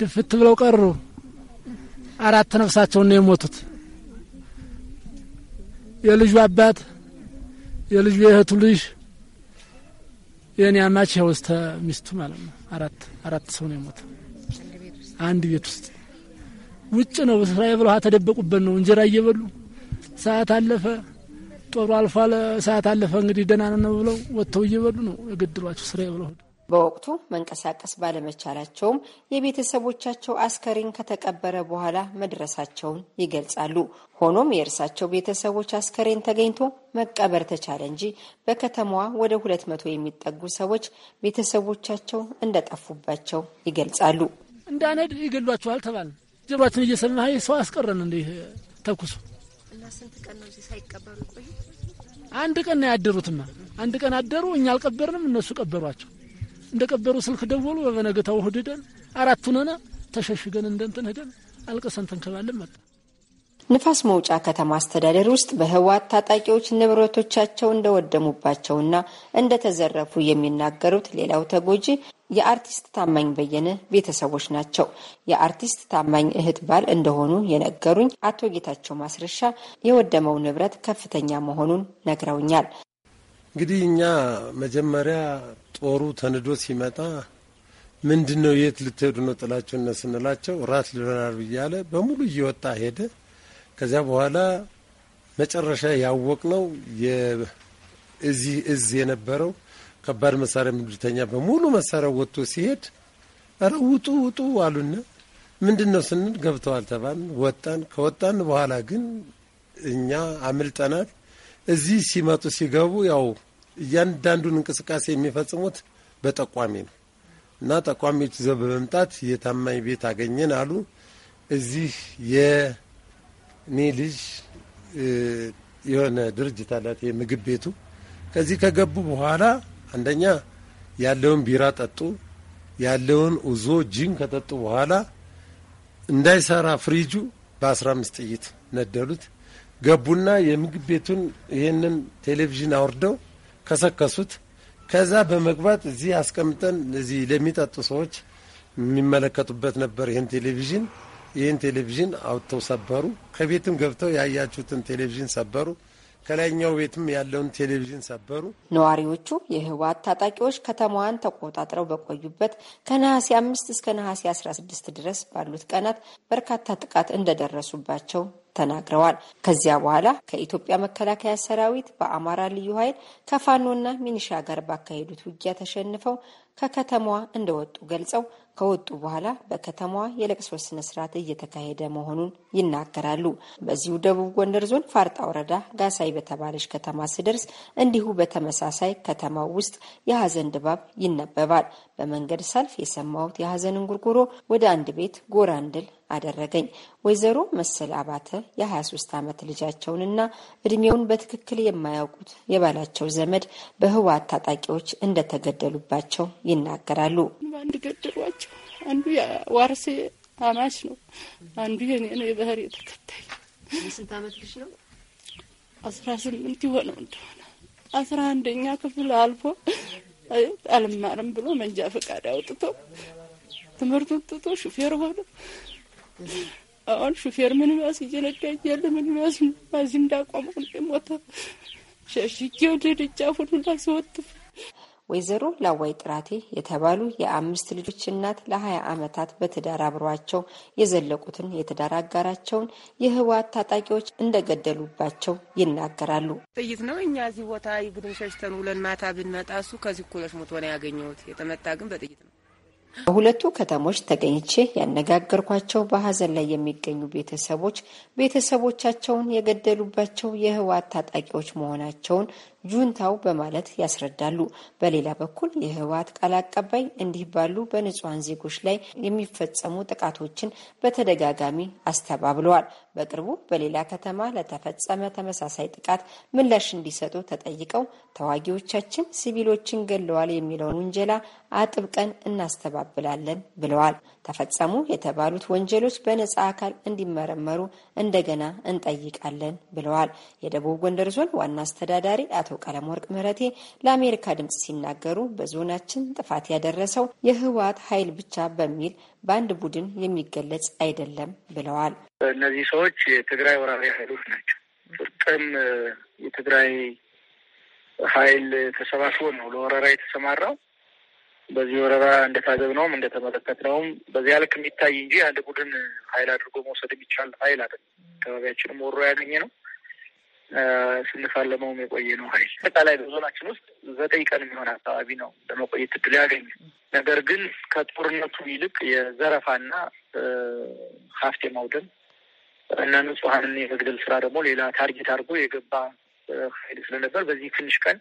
ድፍት ብለው ቀሩ። አራት ነፍሳቸውን ነው የሞቱት። የልጁ አባት፣ የልጁ የእህቱ ልጅ፣ የእኔ አማች ይኸው ሚስቱ ማለት ነው። አራት አራት ሰው ነው የሞተ አንድ ቤት ውስጥ። ውጭ ነው ስራዬ ብለው ተደበቁበት ነው እንጀራ እየበሉ ሰዓት አለፈ፣ ጦሩ አልፏል፣ ሰዓት አለፈ። እንግዲህ ደህና ነው ብለው ወጥተው እየበሉ ነው የገድሏቸው ስራዬ ብለው በወቅቱ መንቀሳቀስ ባለመቻላቸውም የቤተሰቦቻቸው አስከሬን ከተቀበረ በኋላ መድረሳቸውን ይገልጻሉ። ሆኖም የእርሳቸው ቤተሰቦች አስከሬን ተገኝቶ መቀበር ተቻለ እንጂ በከተማዋ ወደ ሁለት መቶ የሚጠጉ ሰዎች ቤተሰቦቻቸው እንደጠፉባቸው ይገልጻሉ። እንዳነድ ይገሏቸዋል ተባል ጀሯችን እየሰማ ሰው አስቀረን እንዲህ ተኩሱ እና ስንት ቀን ነው እዚህ ሳይቀበሩ ቆዩ? አንድ ቀን ነው ያደሩትማ። አንድ ቀን አደሩ። እኛ አልቀበርንም፣ እነሱ ቀበሯቸው። እንደ ቀበሩ ስልክ ደወሉ። በበነገታው ሁድደን አራቱ ነና ተሸሽገን እንደንትን ሄደን አልቀሰን ተንከባለን መጣ። ንፋስ መውጫ ከተማ አስተዳደር ውስጥ በህወሓት ታጣቂዎች ንብረቶቻቸው እንደወደሙባቸውና እንደተዘረፉ የሚናገሩት ሌላው ተጎጂ የአርቲስት ታማኝ በየነ ቤተሰቦች ናቸው። የአርቲስት ታማኝ እህት ባል እንደሆኑ የነገሩኝ አቶ ጌታቸው ማስረሻ የወደመው ንብረት ከፍተኛ መሆኑን ነግረውኛል። እንግዲህ እኛ መጀመሪያ ጦሩ ተንዶ ሲመጣ ምንድን ነው የት ልትሄዱ ነው ጥላቸውነ ስንላቸው ራት ልበላሉ እያለ በሙሉ እየወጣ ሄደ። ከዚያ በኋላ መጨረሻ ያወቅ ነው እዚህ እዝ የነበረው ከባድ መሳሪያ ምድርተኛ በሙሉ መሳሪያ ወጥቶ ሲሄድ ኧረ ውጡ ውጡ አሉና ምንድን ነው ስንል ገብተዋል ተባን ወጣን። ከወጣን በኋላ ግን እኛ አምልጠናል። እዚህ ሲመጡ ሲገቡ ያው እያንዳንዱን እንቅስቃሴ የሚፈጽሙት በጠቋሚ ነው እና ጠቋሚዎች ይዘው በመምጣት የታማኝ ቤት አገኘን አሉ። እዚህ የኔ ልጅ የሆነ ድርጅት አላት የምግብ ቤቱ። ከዚህ ከገቡ በኋላ አንደኛ ያለውን ቢራ ጠጡ፣ ያለውን ኡዞ ጂን ከጠጡ በኋላ እንዳይሰራ ፍሪጁ በ15 ጥይት ነደሉት። ገቡና የምግብ ቤቱን ይህንን ቴሌቪዥን አውርደው ከሰከሱት። ከዛ በመግባት እዚህ አስቀምጠን እዚህ ለሚጠጡ ሰዎች የሚመለከቱበት ነበር። ይህን ቴሌቪዥን ይህን ቴሌቪዥን አውጥተው ሰበሩ። ከቤትም ገብተው ያያችሁትን ቴሌቪዥን ሰበሩ። ከላይኛው ቤትም ያለውን ቴሌቪዥን ሰበሩ። ነዋሪዎቹ የህወሓት ታጣቂዎች ከተማዋን ተቆጣጥረው በቆዩበት ከነሐሴ አምስት እስከ ነሐሴ አስራ ስድስት ድረስ ባሉት ቀናት በርካታ ጥቃት እንደደረሱባቸው ተናግረዋል። ከዚያ በኋላ ከኢትዮጵያ መከላከያ ሰራዊት በአማራ ልዩ ኃይል ከፋኖና ሚኒሻ ጋር ባካሄዱት ውጊያ ተሸንፈው ከከተማዋ እንደወጡ ገልጸው ከወጡ በኋላ በከተማዋ የለቅሶ ስነስርዓት እየተካሄደ መሆኑን ይናገራሉ። በዚሁ ደቡብ ጎንደር ዞን ፋርጣ ወረዳ ጋሳይ በተባለች ከተማ ስደርስ እንዲሁ በተመሳሳይ ከተማው ውስጥ የሀዘን ድባብ ይነበባል። በመንገድ ሰልፍ የሰማሁት የሀዘን እንጉርጉሮ ወደ አንድ ቤት ጎራ እንድል አደረገኝ። ወይዘሮ መሰል አባተ የ23 ዓመት ልጃቸውንና እድሜውን በትክክል የማያውቁት የባላቸው ዘመድ በህወሓት ታጣቂዎች እንደተገደሉባቸው ይናገራሉ። አንድ ገደሏቸው። አንዱ ዋርሴ አማች ነው፣ አንዱ የኔ ነው የባህር የተከታይ። ስንት አመት ልጅ ነው? አስራ ስምንት የሆነው እንደሆነ አስራ አንደኛ ክፍል አልፎ አልማርም ብሎ መንጃ ፈቃድ አውጥቶ ትምህርቱን ትቶ ሹፌር ሆነ። አሁን ሹፌር ምን ባስ እየነዳ እያለ ምን ባስ ነው ባዚ እንዳቆመው ሞተ። ሸሽጌ ወደ ደጃፉን ላስወጥፍ ወይዘሮ ላዋይ ጥራቴ የተባሉ የአምስት ልጆች እናት ለሀያ ዓመታት በትዳር አብሯቸው የዘለቁትን የትዳር አጋራቸውን የህወሓት ታጣቂዎች እንደገደሉባቸው ይናገራሉ። ጥይት ነው። እኛ እዚህ ቦታ ግድም ሸሽተን ውለን ማታ ብንመጣ እሱ ከዚህ ኩሎች ሞት ሆነ ያገኘሁት። የተመታ ግን በጥይት ነው። በሁለቱ ከተሞች ተገኝቼ ያነጋገርኳቸው በሀዘን ላይ የሚገኙ ቤተሰቦች ቤተሰቦቻቸውን የገደሉባቸው የህወሓት ታጣቂዎች መሆናቸውን ጁንታው በማለት ያስረዳሉ። በሌላ በኩል የህወሀት ቃል አቀባይ እንዲህ ባሉ በንጹሐን ዜጎች ላይ የሚፈጸሙ ጥቃቶችን በተደጋጋሚ አስተባብለዋል። በቅርቡ በሌላ ከተማ ለተፈጸመ ተመሳሳይ ጥቃት ምላሽ እንዲሰጡ ተጠይቀው ተዋጊዎቻችን ሲቪሎችን ገለዋል የሚለውን ውንጀላ አጥብቀን እናስተባብላለን ብለዋል። ተፈጸሙ የተባሉት ወንጀሎች በነጻ አካል እንዲመረመሩ እንደገና እንጠይቃለን ብለዋል። የደቡብ ጎንደር ዞን ዋና አስተዳዳሪ አቶ ወርቅ ምህረቴ ለአሜሪካ ድምጽ ሲናገሩ በዞናችን ጥፋት ያደረሰው የህወሓት ኃይል ብቻ በሚል በአንድ ቡድን የሚገለጽ አይደለም ብለዋል። እነዚህ ሰዎች የትግራይ ወራሪ ኃይሎች ናቸው። ፍርጥም የትግራይ ኃይል ተሰባስቦ ነው ለወረራ የተሰማራው። በዚህ ወረራ እንደታዘብነውም እንደተመለከትነውም በዚያ ልክ የሚታይ እንጂ አንድ ቡድን ኃይል አድርጎ መውሰድ የሚቻል ኃይል አለ። አካባቢያችንም ወሮ ያገኘ ነው ስንፋለመውም የቆየ ነው ኃይል አጠቃላይ በዞናችን ውስጥ ዘጠኝ ቀን የሚሆን አካባቢ ነው ለመቆየት እድል ያገኘ። ነገር ግን ከጦርነቱ ይልቅ የዘረፋና ሀብት የማውደም እና ንጹሐንን የመግደል ስራ ደግሞ ሌላ ታርጌት አድርጎ የገባ ኃይል ስለነበር በዚህ ትንሽ ቀን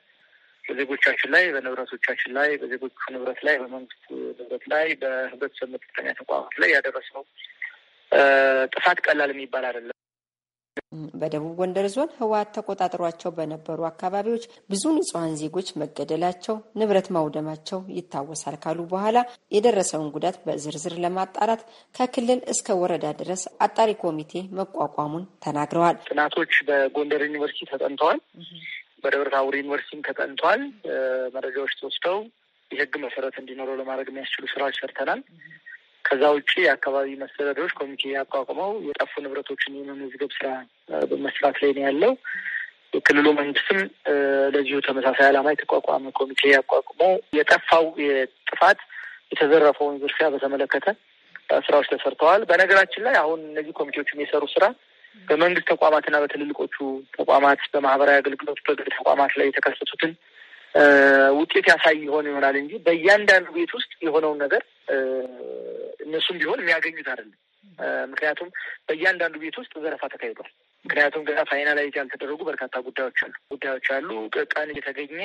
በዜጎቻችን ላይ፣ በንብረቶቻችን ላይ፣ በዜጎቹ ንብረት ላይ፣ በመንግስት ንብረት ላይ፣ በህብረተሰብ መጠጠኛ ተቋማት ላይ ያደረሰው ጥፋት ቀላል የሚባል አይደለም። በደቡብ ጎንደር ዞን ህወሓት ተቆጣጥሯቸው በነበሩ አካባቢዎች ብዙ ንጹሐን ዜጎች መገደላቸው፣ ንብረት ማውደማቸው ይታወሳል ካሉ በኋላ የደረሰውን ጉዳት በዝርዝር ለማጣራት ከክልል እስከ ወረዳ ድረስ አጣሪ ኮሚቴ መቋቋሙን ተናግረዋል። ጥናቶች በጎንደር ዩኒቨርሲቲ ተጠንተዋል። በደብረ ታቦር ዩኒቨርሲቲም ተጠንቷል። መረጃዎች ተወስደው የህግ መሰረት እንዲኖረው ለማድረግ የሚያስችሉ ስራዎች ሰርተናል። ከዛ ውጭ የአካባቢ መስተዳደሮች ኮሚቴ ያቋቁመው የጠፉ ንብረቶችን የመመዝገብ ስራ በመስራት ላይ ነው ያለው። የክልሉ መንግስትም ለዚሁ ተመሳሳይ አላማ የተቋቋመ ኮሚቴ ያቋቁሞ የጠፋው የጥፋት የተዘረፈውን ዝርፊያ በተመለከተ ስራዎች ተሰርተዋል። በነገራችን ላይ አሁን እነዚህ ኮሚቴዎች የሚሰሩ ስራ በመንግስት ተቋማትና በትልልቆቹ ተቋማት በማህበራዊ አገልግሎት በግል ተቋማት ላይ የተከሰቱትን ውጤት ያሳይ ይሆን ይሆናል እንጂ በእያንዳንዱ ቤት ውስጥ የሆነውን ነገር እነሱም ቢሆን የሚያገኙት አይደለም። ምክንያቱም በእያንዳንዱ ቤት ውስጥ ዘረፋ ተካሂዷል። ምክንያቱም ገና ፋይናላይዝ ያልተደረጉ በርካታ ጉዳዮች አሉ ጉዳዮች አሉ። ቀን እየተገኘ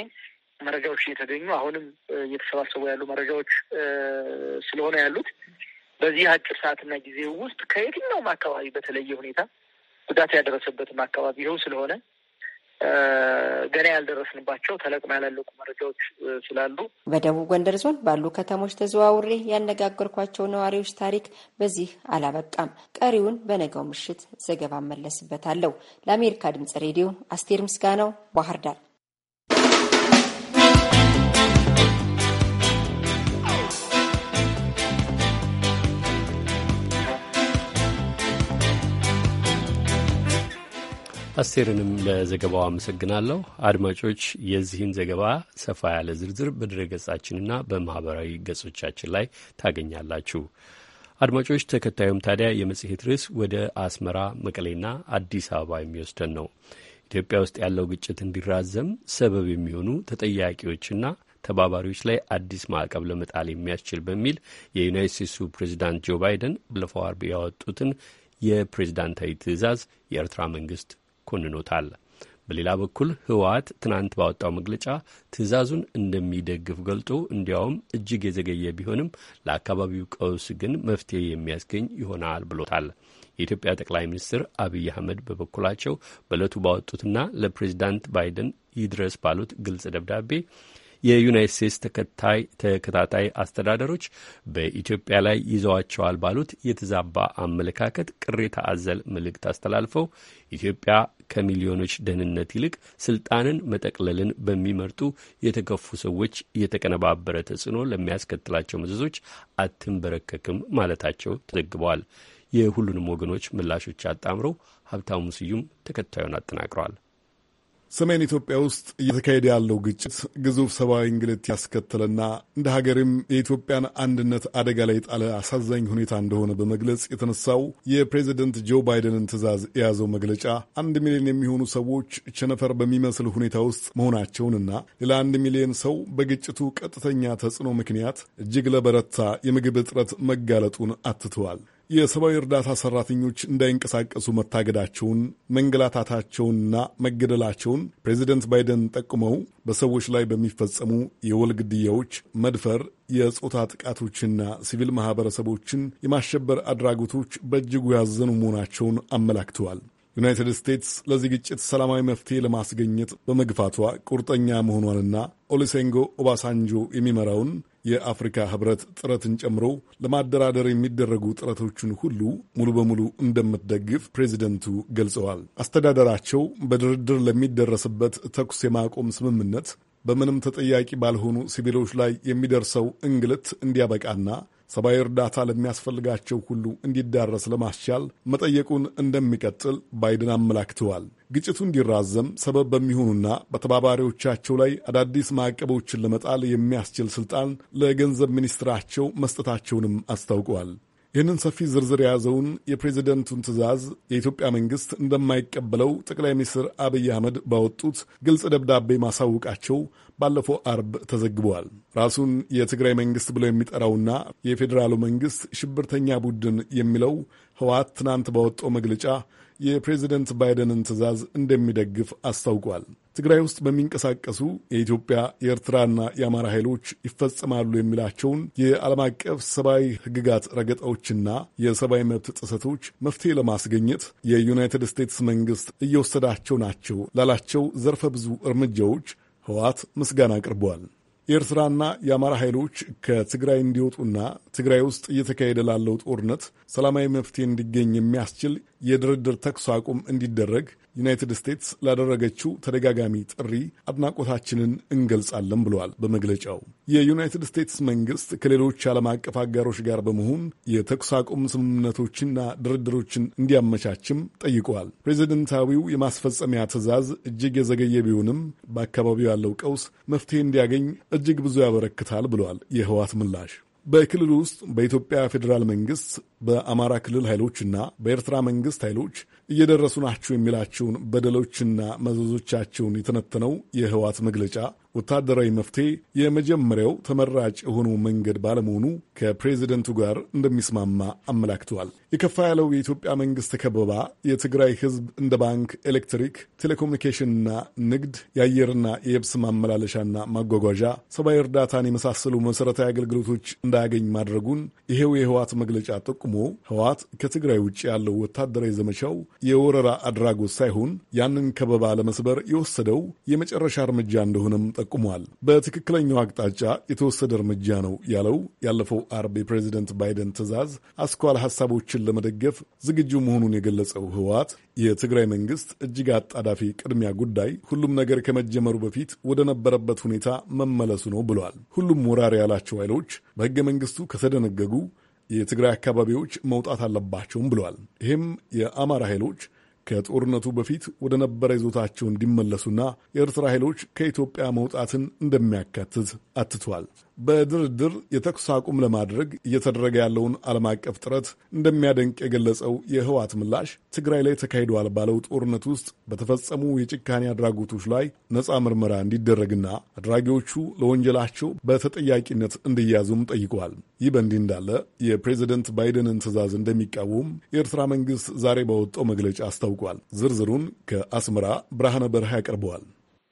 መረጃዎች እየተገኙ አሁንም እየተሰባሰቡ ያሉ መረጃዎች ስለሆነ ያሉት በዚህ አጭር ሰዓትና ጊዜ ውስጥ ከየትኛውም አካባቢ በተለየ ሁኔታ ጉዳት ያደረሰበትም አካባቢ ይኸው ስለሆነ ገና ያልደረስንባቸው ተለቅማ ያላለቁ መረጃዎች ስላሉ በደቡብ ጎንደር ዞን ባሉ ከተሞች ተዘዋውሬ ያነጋገርኳቸው ነዋሪዎች ታሪክ በዚህ አላበቃም። ቀሪውን በነገው ምሽት ዘገባ መለስበታለሁ ለአሜሪካ ድምጽ ሬዲዮ አስቴር ምስጋናው ባህር ዳር። አስቴርንም ለዘገባው አመሰግናለሁ። አድማጮች የዚህን ዘገባ ሰፋ ያለ ዝርዝር ገጻችንና በማኅበራዊ ገጾቻችን ላይ ታገኛላችሁ። አድማጮች ተከታዩም ታዲያ የመጽሔት ርዕስ ወደ አስመራ መቀሌና አዲስ አበባ የሚወስደን ነው። ኢትዮጵያ ውስጥ ያለው ግጭት እንዲራዘም ሰበብ የሚሆኑ ተጠያቂዎችና ተባባሪዎች ላይ አዲስ ማዕቀብ ለመጣል የሚያስችል በሚል የዩናይት ስቴትሱ ፕሬዚዳንት ጆ ባይደን ባለፈው አርብ ያወጡትን የፕሬዚዳንታዊ ትዕዛዝ የኤርትራ መንግስት ኮንኖታል። በሌላ በኩል ህወሓት ትናንት ባወጣው መግለጫ ትዕዛዙን እንደሚደግፍ ገልጦ እንዲያውም እጅግ የዘገየ ቢሆንም ለአካባቢው ቀውስ ግን መፍትሄ የሚያስገኝ ይሆናል ብሎታል። የኢትዮጵያ ጠቅላይ ሚኒስትር አብይ አህመድ በበኩላቸው በዕለቱ ባወጡትና ለፕሬዚዳንት ባይደን ይድረስ ባሉት ግልጽ ደብዳቤ የዩናይት ስቴትስ ተከታይ ተከታታይ አስተዳደሮች በኢትዮጵያ ላይ ይዘዋቸዋል ባሉት የተዛባ አመለካከት ቅሬታ አዘል መልእክት አስተላልፈው ኢትዮጵያ ከሚሊዮኖች ደህንነት ይልቅ ስልጣንን መጠቅለልን በሚመርጡ የተከፉ ሰዎች የተቀነባበረ ተጽዕኖ ለሚያስከትላቸው መዘዞች አትንበረከክም ማለታቸው ተዘግበዋል። የሁሉንም ወገኖች ምላሾች አጣምረው ሀብታሙ ስዩም ተከታዩን አጠናቅረዋል። ሰሜን ኢትዮጵያ ውስጥ እየተካሄደ ያለው ግጭት ግዙፍ ሰብአዊ እንግልት ያስከተለና እንደ ሀገርም የኢትዮጵያን አንድነት አደጋ ላይ የጣለ አሳዛኝ ሁኔታ እንደሆነ በመግለጽ የተነሳው የፕሬዚደንት ጆ ባይደንን ትዕዛዝ የያዘው መግለጫ አንድ ሚሊዮን የሚሆኑ ሰዎች ቸነፈር በሚመስል ሁኔታ ውስጥ መሆናቸውንና ሌላ አንድ ሚሊዮን ሰው በግጭቱ ቀጥተኛ ተጽዕኖ ምክንያት እጅግ ለበረታ የምግብ እጥረት መጋለጡን አትተዋል። የሰብአዊ እርዳታ ሰራተኞች እንዳይንቀሳቀሱ መታገዳቸውን መንገላታታቸውንና መገደላቸውን ፕሬዚደንት ባይደን ጠቁመው በሰዎች ላይ በሚፈጸሙ የወል ግድያዎች፣ መድፈር፣ የጾታ ጥቃቶችና ሲቪል ማህበረሰቦችን የማሸበር አድራጎቶች በእጅጉ ያዘኑ መሆናቸውን አመላክተዋል። ዩናይትድ ስቴትስ ለዚህ ግጭት ሰላማዊ መፍትሄ ለማስገኘት በመግፋቷ ቁርጠኛ መሆኗንና ኦሊሴንጎ ኦባሳንጆ የሚመራውን የአፍሪካ ህብረት ጥረትን ጨምሮ ለማደራደር የሚደረጉ ጥረቶችን ሁሉ ሙሉ በሙሉ እንደምትደግፍ ፕሬዚደንቱ ገልጸዋል። አስተዳደራቸው በድርድር ለሚደረስበት ተኩስ የማቆም ስምምነት በምንም ተጠያቂ ባልሆኑ ሲቪሎች ላይ የሚደርሰው እንግልት እንዲያበቃና ሰብአዊ እርዳታ ለሚያስፈልጋቸው ሁሉ እንዲዳረስ ለማስቻል መጠየቁን እንደሚቀጥል ባይደን አመላክተዋል። ግጭቱ እንዲራዘም ሰበብ በሚሆኑና በተባባሪዎቻቸው ላይ አዳዲስ ማዕቀቦችን ለመጣል የሚያስችል ስልጣን ለገንዘብ ሚኒስትራቸው መስጠታቸውንም አስታውቀዋል። ይህንን ሰፊ ዝርዝር የያዘውን የፕሬዚደንቱን ትዕዛዝ የኢትዮጵያ መንግስት እንደማይቀበለው ጠቅላይ ሚኒስትር አብይ አህመድ ባወጡት ግልጽ ደብዳቤ ማሳወቃቸው ባለፈው አርብ ተዘግበዋል። ራሱን የትግራይ መንግስት ብለው የሚጠራውና የፌዴራሉ መንግስት ሽብርተኛ ቡድን የሚለው ህወሓት ትናንት ባወጣው መግለጫ የፕሬዚደንት ባይደንን ትዕዛዝ እንደሚደግፍ አስታውቋል። ትግራይ ውስጥ በሚንቀሳቀሱ የኢትዮጵያ የኤርትራና የአማራ ኃይሎች ይፈጸማሉ የሚላቸውን የዓለም አቀፍ ሰብአዊ ሕግጋት ረገጣዎችና የሰብአዊ መብት ጥሰቶች መፍትሄ ለማስገኘት የዩናይትድ ስቴትስ መንግስት እየወሰዳቸው ናቸው ላላቸው ዘርፈ ብዙ እርምጃዎች ህወሓት ምስጋና አቅርበዋል። የኤርትራና የአማራ ኃይሎች ከትግራይ እንዲወጡና ትግራይ ውስጥ እየተካሄደ ላለው ጦርነት ሰላማዊ መፍትሄ እንዲገኝ የሚያስችል የድርድር ተኩስ አቁም እንዲደረግ ዩናይትድ ስቴትስ ላደረገችው ተደጋጋሚ ጥሪ አድናቆታችንን እንገልጻለን ብለዋል በመግለጫው። የዩናይትድ ስቴትስ መንግስት ከሌሎች ዓለም አቀፍ አጋሮች ጋር በመሆን የተኩስ አቁም ስምምነቶችና ድርድሮችን እንዲያመቻችም ጠይቀዋል። ፕሬዚደንታዊው የማስፈጸሚያ ትዕዛዝ እጅግ የዘገየ ቢሆንም በአካባቢው ያለው ቀውስ መፍትሄ እንዲያገኝ እጅግ ብዙ ያበረክታል ብለዋል የህዋት ምላሽ በክልል ውስጥ በኢትዮጵያ ፌዴራል መንግስት በአማራ ክልል ኃይሎችና በኤርትራ መንግስት ኃይሎች እየደረሱ ናቸው የሚላቸውን በደሎችና መዘዞቻቸውን የተነተነው የህዋት መግለጫ ወታደራዊ መፍትሄ የመጀመሪያው ተመራጭ የሆነው መንገድ ባለመሆኑ ከፕሬዚደንቱ ጋር እንደሚስማማ አመላክተዋል። የከፋ ያለው የኢትዮጵያ መንግስት ከበባ የትግራይ ህዝብ እንደ ባንክ፣ ኤሌክትሪክ፣ ቴሌኮሙኒኬሽንና ንግድ፣ የአየርና የየብስ ማመላለሻና ማጓጓዣ፣ ሰብአዊ እርዳታን የመሳሰሉ መሠረታዊ አገልግሎቶች እንዳያገኝ ማድረጉን ይሄው የህዋት መግለጫ ጠቁሞ ህዋት ከትግራይ ውጭ ያለው ወታደራዊ ዘመቻው የወረራ አድራጎት ሳይሆን ያንን ከበባ ለመስበር የወሰደው የመጨረሻ እርምጃ እንደሆነም ጠቁሟል። በትክክለኛው አቅጣጫ የተወሰደ እርምጃ ነው ያለው ያለፈው አርብ የፕሬዚደንት ባይደን ትዕዛዝ አስኳል ሀሳቦችን ለመደገፍ ዝግጁ መሆኑን የገለጸው ህወሓት የትግራይ መንግስት እጅግ አጣዳፊ ቅድሚያ ጉዳይ ሁሉም ነገር ከመጀመሩ በፊት ወደ ነበረበት ሁኔታ መመለሱ ነው ብሏል። ሁሉም ወራሪ ያላቸው ኃይሎች በህገ መንግስቱ ከተደነገጉ የትግራይ አካባቢዎች መውጣት አለባቸውም ብሏል። ይህም የአማራ ኃይሎች ከጦርነቱ በፊት ወደ ነበረ ይዞታቸው እንዲመለሱና የኤርትራ ኃይሎች ከኢትዮጵያ መውጣትን እንደሚያካትት አትቷል። በድርድር የተኩስ አቁም ለማድረግ እየተደረገ ያለውን ዓለም አቀፍ ጥረት እንደሚያደንቅ የገለጸው የህዋት ምላሽ ትግራይ ላይ ተካሂደዋል ባለው ጦርነት ውስጥ በተፈጸሙ የጭካኔ አድራጎቶች ላይ ነፃ ምርመራ እንዲደረግና አድራጊዎቹ ለወንጀላቸው በተጠያቂነት እንዲያዙም ጠይቀዋል። ይህ በእንዲህ እንዳለ የፕሬዚደንት ባይደንን ትዕዛዝ እንደሚቃወም የኤርትራ መንግስት ዛሬ ባወጣው መግለጫ አስታውቋል። ዝርዝሩን ከአስመራ ብርሃነ በረሃ ያቀርበዋል።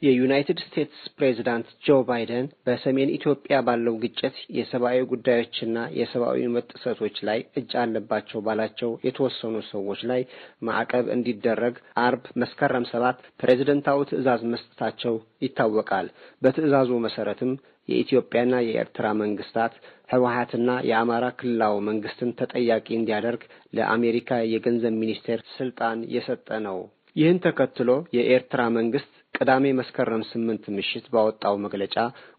የዩናይትድ ስቴትስ ፕሬዝዳንት ጆ ባይደን በሰሜን ኢትዮጵያ ባለው ግጭት የሰብአዊ ጉዳዮችና የሰብአዊ መብት ጥሰቶች ላይ እጅ አለባቸው ባላቸው የተወሰኑ ሰዎች ላይ ማዕቀብ እንዲደረግ አርብ መስከረም ሰባት ፕሬዝደንታዊ ትዕዛዝ መስጠታቸው ይታወቃል። በትዕዛዙ መሰረትም የኢትዮጵያና የኤርትራ መንግስታት ህወሀትና የአማራ ክልላዊ መንግስትን ተጠያቂ እንዲያደርግ ለአሜሪካ የገንዘብ ሚኒስቴር ስልጣን የሰጠ ነው። ይህን ተከትሎ የኤርትራ መንግስት ቅዳሜ መስከረም ስምንት ምሽት ባወጣው መግለጫ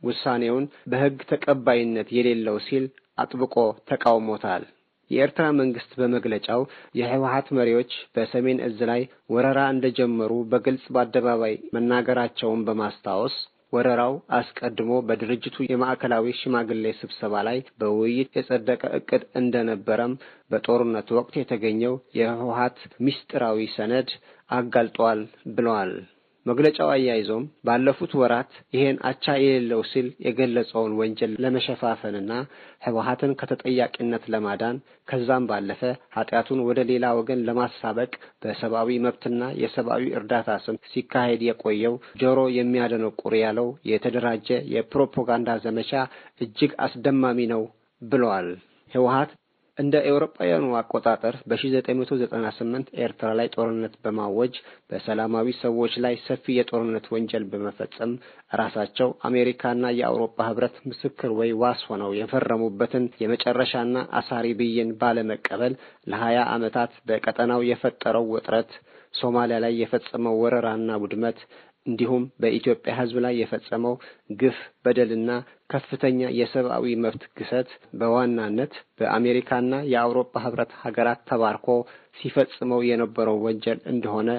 ውሳኔውን በሕግ ተቀባይነት የሌለው ሲል አጥብቆ ተቃውሞታል። የኤርትራ መንግስት በመግለጫው የህወሀት መሪዎች በሰሜን እዝ ላይ ወረራ እንደጀመሩ በግልጽ በአደባባይ መናገራቸውን በማስታወስ ወረራው አስቀድሞ በድርጅቱ የማዕከላዊ ሽማግሌ ስብሰባ ላይ በውይይት የጸደቀ እቅድ እንደነበረም በጦርነት ወቅት የተገኘው የህወሀት ምስጢራዊ ሰነድ አጋልጧል ብለዋል። መግለጫው አያይዞም ባለፉት ወራት ይሄን አቻ የሌለው ሲል የገለጸውን ወንጀል ለመሸፋፈንና ህወሀትን ከተጠያቂነት ለማዳን ከዛም ባለፈ ኃጢአቱን ወደ ሌላ ወገን ለማሳበቅ በሰብአዊ መብትና የሰብአዊ እርዳታ ስም ሲካሄድ የቆየው ጆሮ የሚያደነቁር ያለው የተደራጀ የፕሮፓጋንዳ ዘመቻ እጅግ አስደማሚ ነው ብለዋል። ህወሀት እንደ ኤውሮጳውያኑ አቆጣጠር በ1998 ኤርትራ ላይ ጦርነት በማወጅ በሰላማዊ ሰዎች ላይ ሰፊ የጦርነት ወንጀል በመፈጸም ራሳቸው አሜሪካና የአውሮፓ ህብረት ምስክር ወይ ዋስ ሆነው የፈረሙበትን የመጨረሻና አሳሪ ብይን ባለመቀበል ለሀያ ዓመታት በቀጠናው የፈጠረው ውጥረት ሶማሊያ ላይ የፈጸመው ወረራና ውድመት እንዲሁም በኢትዮጵያ ሕዝብ ላይ የፈጸመው ግፍ በደልና ከፍተኛ የሰብአዊ መብት ግሰት በዋናነት በአሜሪካና የአውሮፓ ህብረት ሀገራት ተባርኮ ሲፈጽመው የነበረው ወንጀል እንደሆነ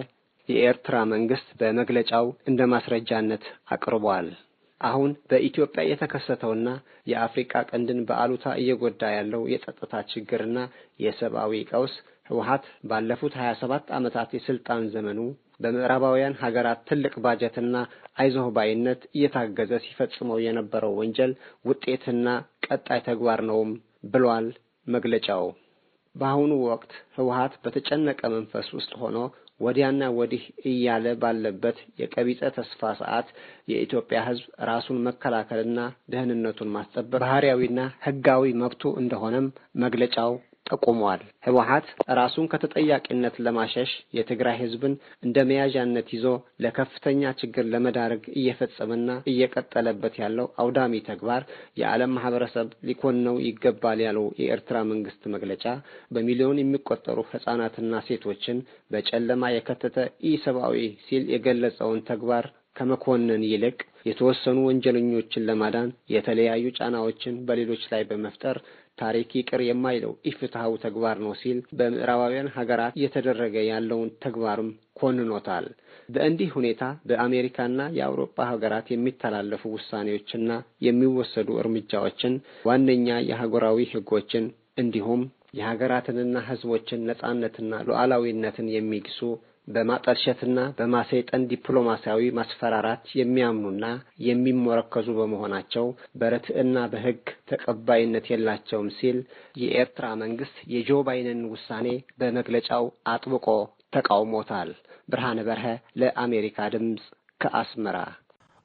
የኤርትራ መንግስት በመግለጫው እንደ ማስረጃነት አቅርቧል። አሁን በኢትዮጵያ የተከሰተውና የአፍሪቃ ቀንድን በአሉታ እየጎዳ ያለው የጸጥታ ችግርና የሰብአዊ ቀውስ ህወሀት ባለፉት ሀያ ሰባት ዓመታት የስልጣን ዘመኑ በምዕራባውያን ሀገራት ትልቅ ባጀትና አይዞህ ባይነት እየታገዘ ሲፈጽመው የነበረው ወንጀል ውጤትና ቀጣይ ተግባር ነውም ብሏል መግለጫው። በአሁኑ ወቅት ህወሀት በተጨነቀ መንፈስ ውስጥ ሆኖ ወዲያና ወዲህ እያለ ባለበት የቀቢጸ ተስፋ ሰዓት የኢትዮጵያ ህዝብ ራሱን መከላከልና ደህንነቱን ማስጠበቅ ባህሪያዊና ህጋዊ መብቱ እንደሆነም መግለጫው ጠቁመዋል። ህወሀት ራሱን ከተጠያቂነት ለማሸሽ የትግራይ ህዝብን እንደ መያዣነት ይዞ ለከፍተኛ ችግር ለመዳረግ እየፈጸመና እየቀጠለበት ያለው አውዳሚ ተግባር የዓለም ማህበረሰብ ሊኮንነው ይገባል ያለው የኤርትራ መንግስት መግለጫ በሚሊዮን የሚቆጠሩ ህጻናትና ሴቶችን በጨለማ የከተተ ኢሰብአዊ ሲል የገለጸውን ተግባር ከመኮንን ይልቅ የተወሰኑ ወንጀለኞችን ለማዳን የተለያዩ ጫናዎችን በሌሎች ላይ በመፍጠር ታሪክ ይቅር የማይለው ኢፍትሐዊ ተግባር ነው ሲል በምዕራባውያን ሀገራት እየተደረገ ያለውን ተግባርም ኮንኖታል። በእንዲህ ሁኔታ በአሜሪካና የአውሮፓ ሀገራት የሚተላለፉ ውሳኔዎችና የሚወሰዱ እርምጃዎችን ዋነኛ የሀገራዊ ህጎችን እንዲሁም የሀገራትንና ህዝቦችን ነጻነትና ሉዓላዊነትን የሚግሱ በማጠልሸትና በማሰይጠን ዲፕሎማሲያዊ ማስፈራራት የሚያምኑና የሚሞረከዙ በመሆናቸው በርትዕና በሕግ ተቀባይነት የላቸውም ሲል የኤርትራ መንግስት የጆ ባይደንን ውሳኔ በመግለጫው አጥብቆ ተቃውሞታል። ብርሃነ በርሀ ለአሜሪካ ድምፅ ከአስመራ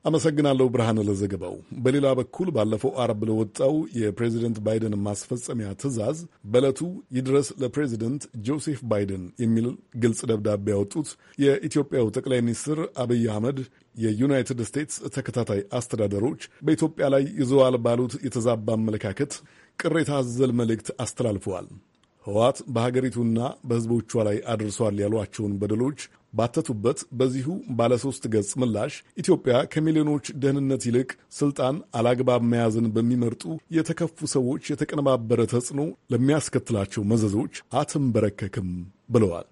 አመሰግናለሁ ብርሃን ለዘገባው። በሌላ በኩል ባለፈው አርብ ለወጣው የፕሬዚደንት ባይደን ማስፈጸሚያ ትዕዛዝ በዕለቱ ይድረስ ለፕሬዚደንት ጆሴፍ ባይደን የሚል ግልጽ ደብዳቤ ያወጡት የኢትዮጵያው ጠቅላይ ሚኒስትር አብይ አህመድ የዩናይትድ ስቴትስ ተከታታይ አስተዳደሮች በኢትዮጵያ ላይ ይዘዋል ባሉት የተዛባ አመለካከት ቅሬታ አዘል መልእክት አስተላልፈዋል። ህወሓት በሀገሪቱና በህዝቦቿ ላይ አድርሷል ያሏቸውን በደሎች ባተቱበት በዚሁ ባለሶስት ገጽ ምላሽ ኢትዮጵያ ከሚሊዮኖች ደህንነት ይልቅ ስልጣን አላግባብ መያዝን በሚመርጡ የተከፉ ሰዎች የተቀነባበረ ተጽዕኖ ለሚያስከትላቸው መዘዞች አትንበረከክም ብለዋል።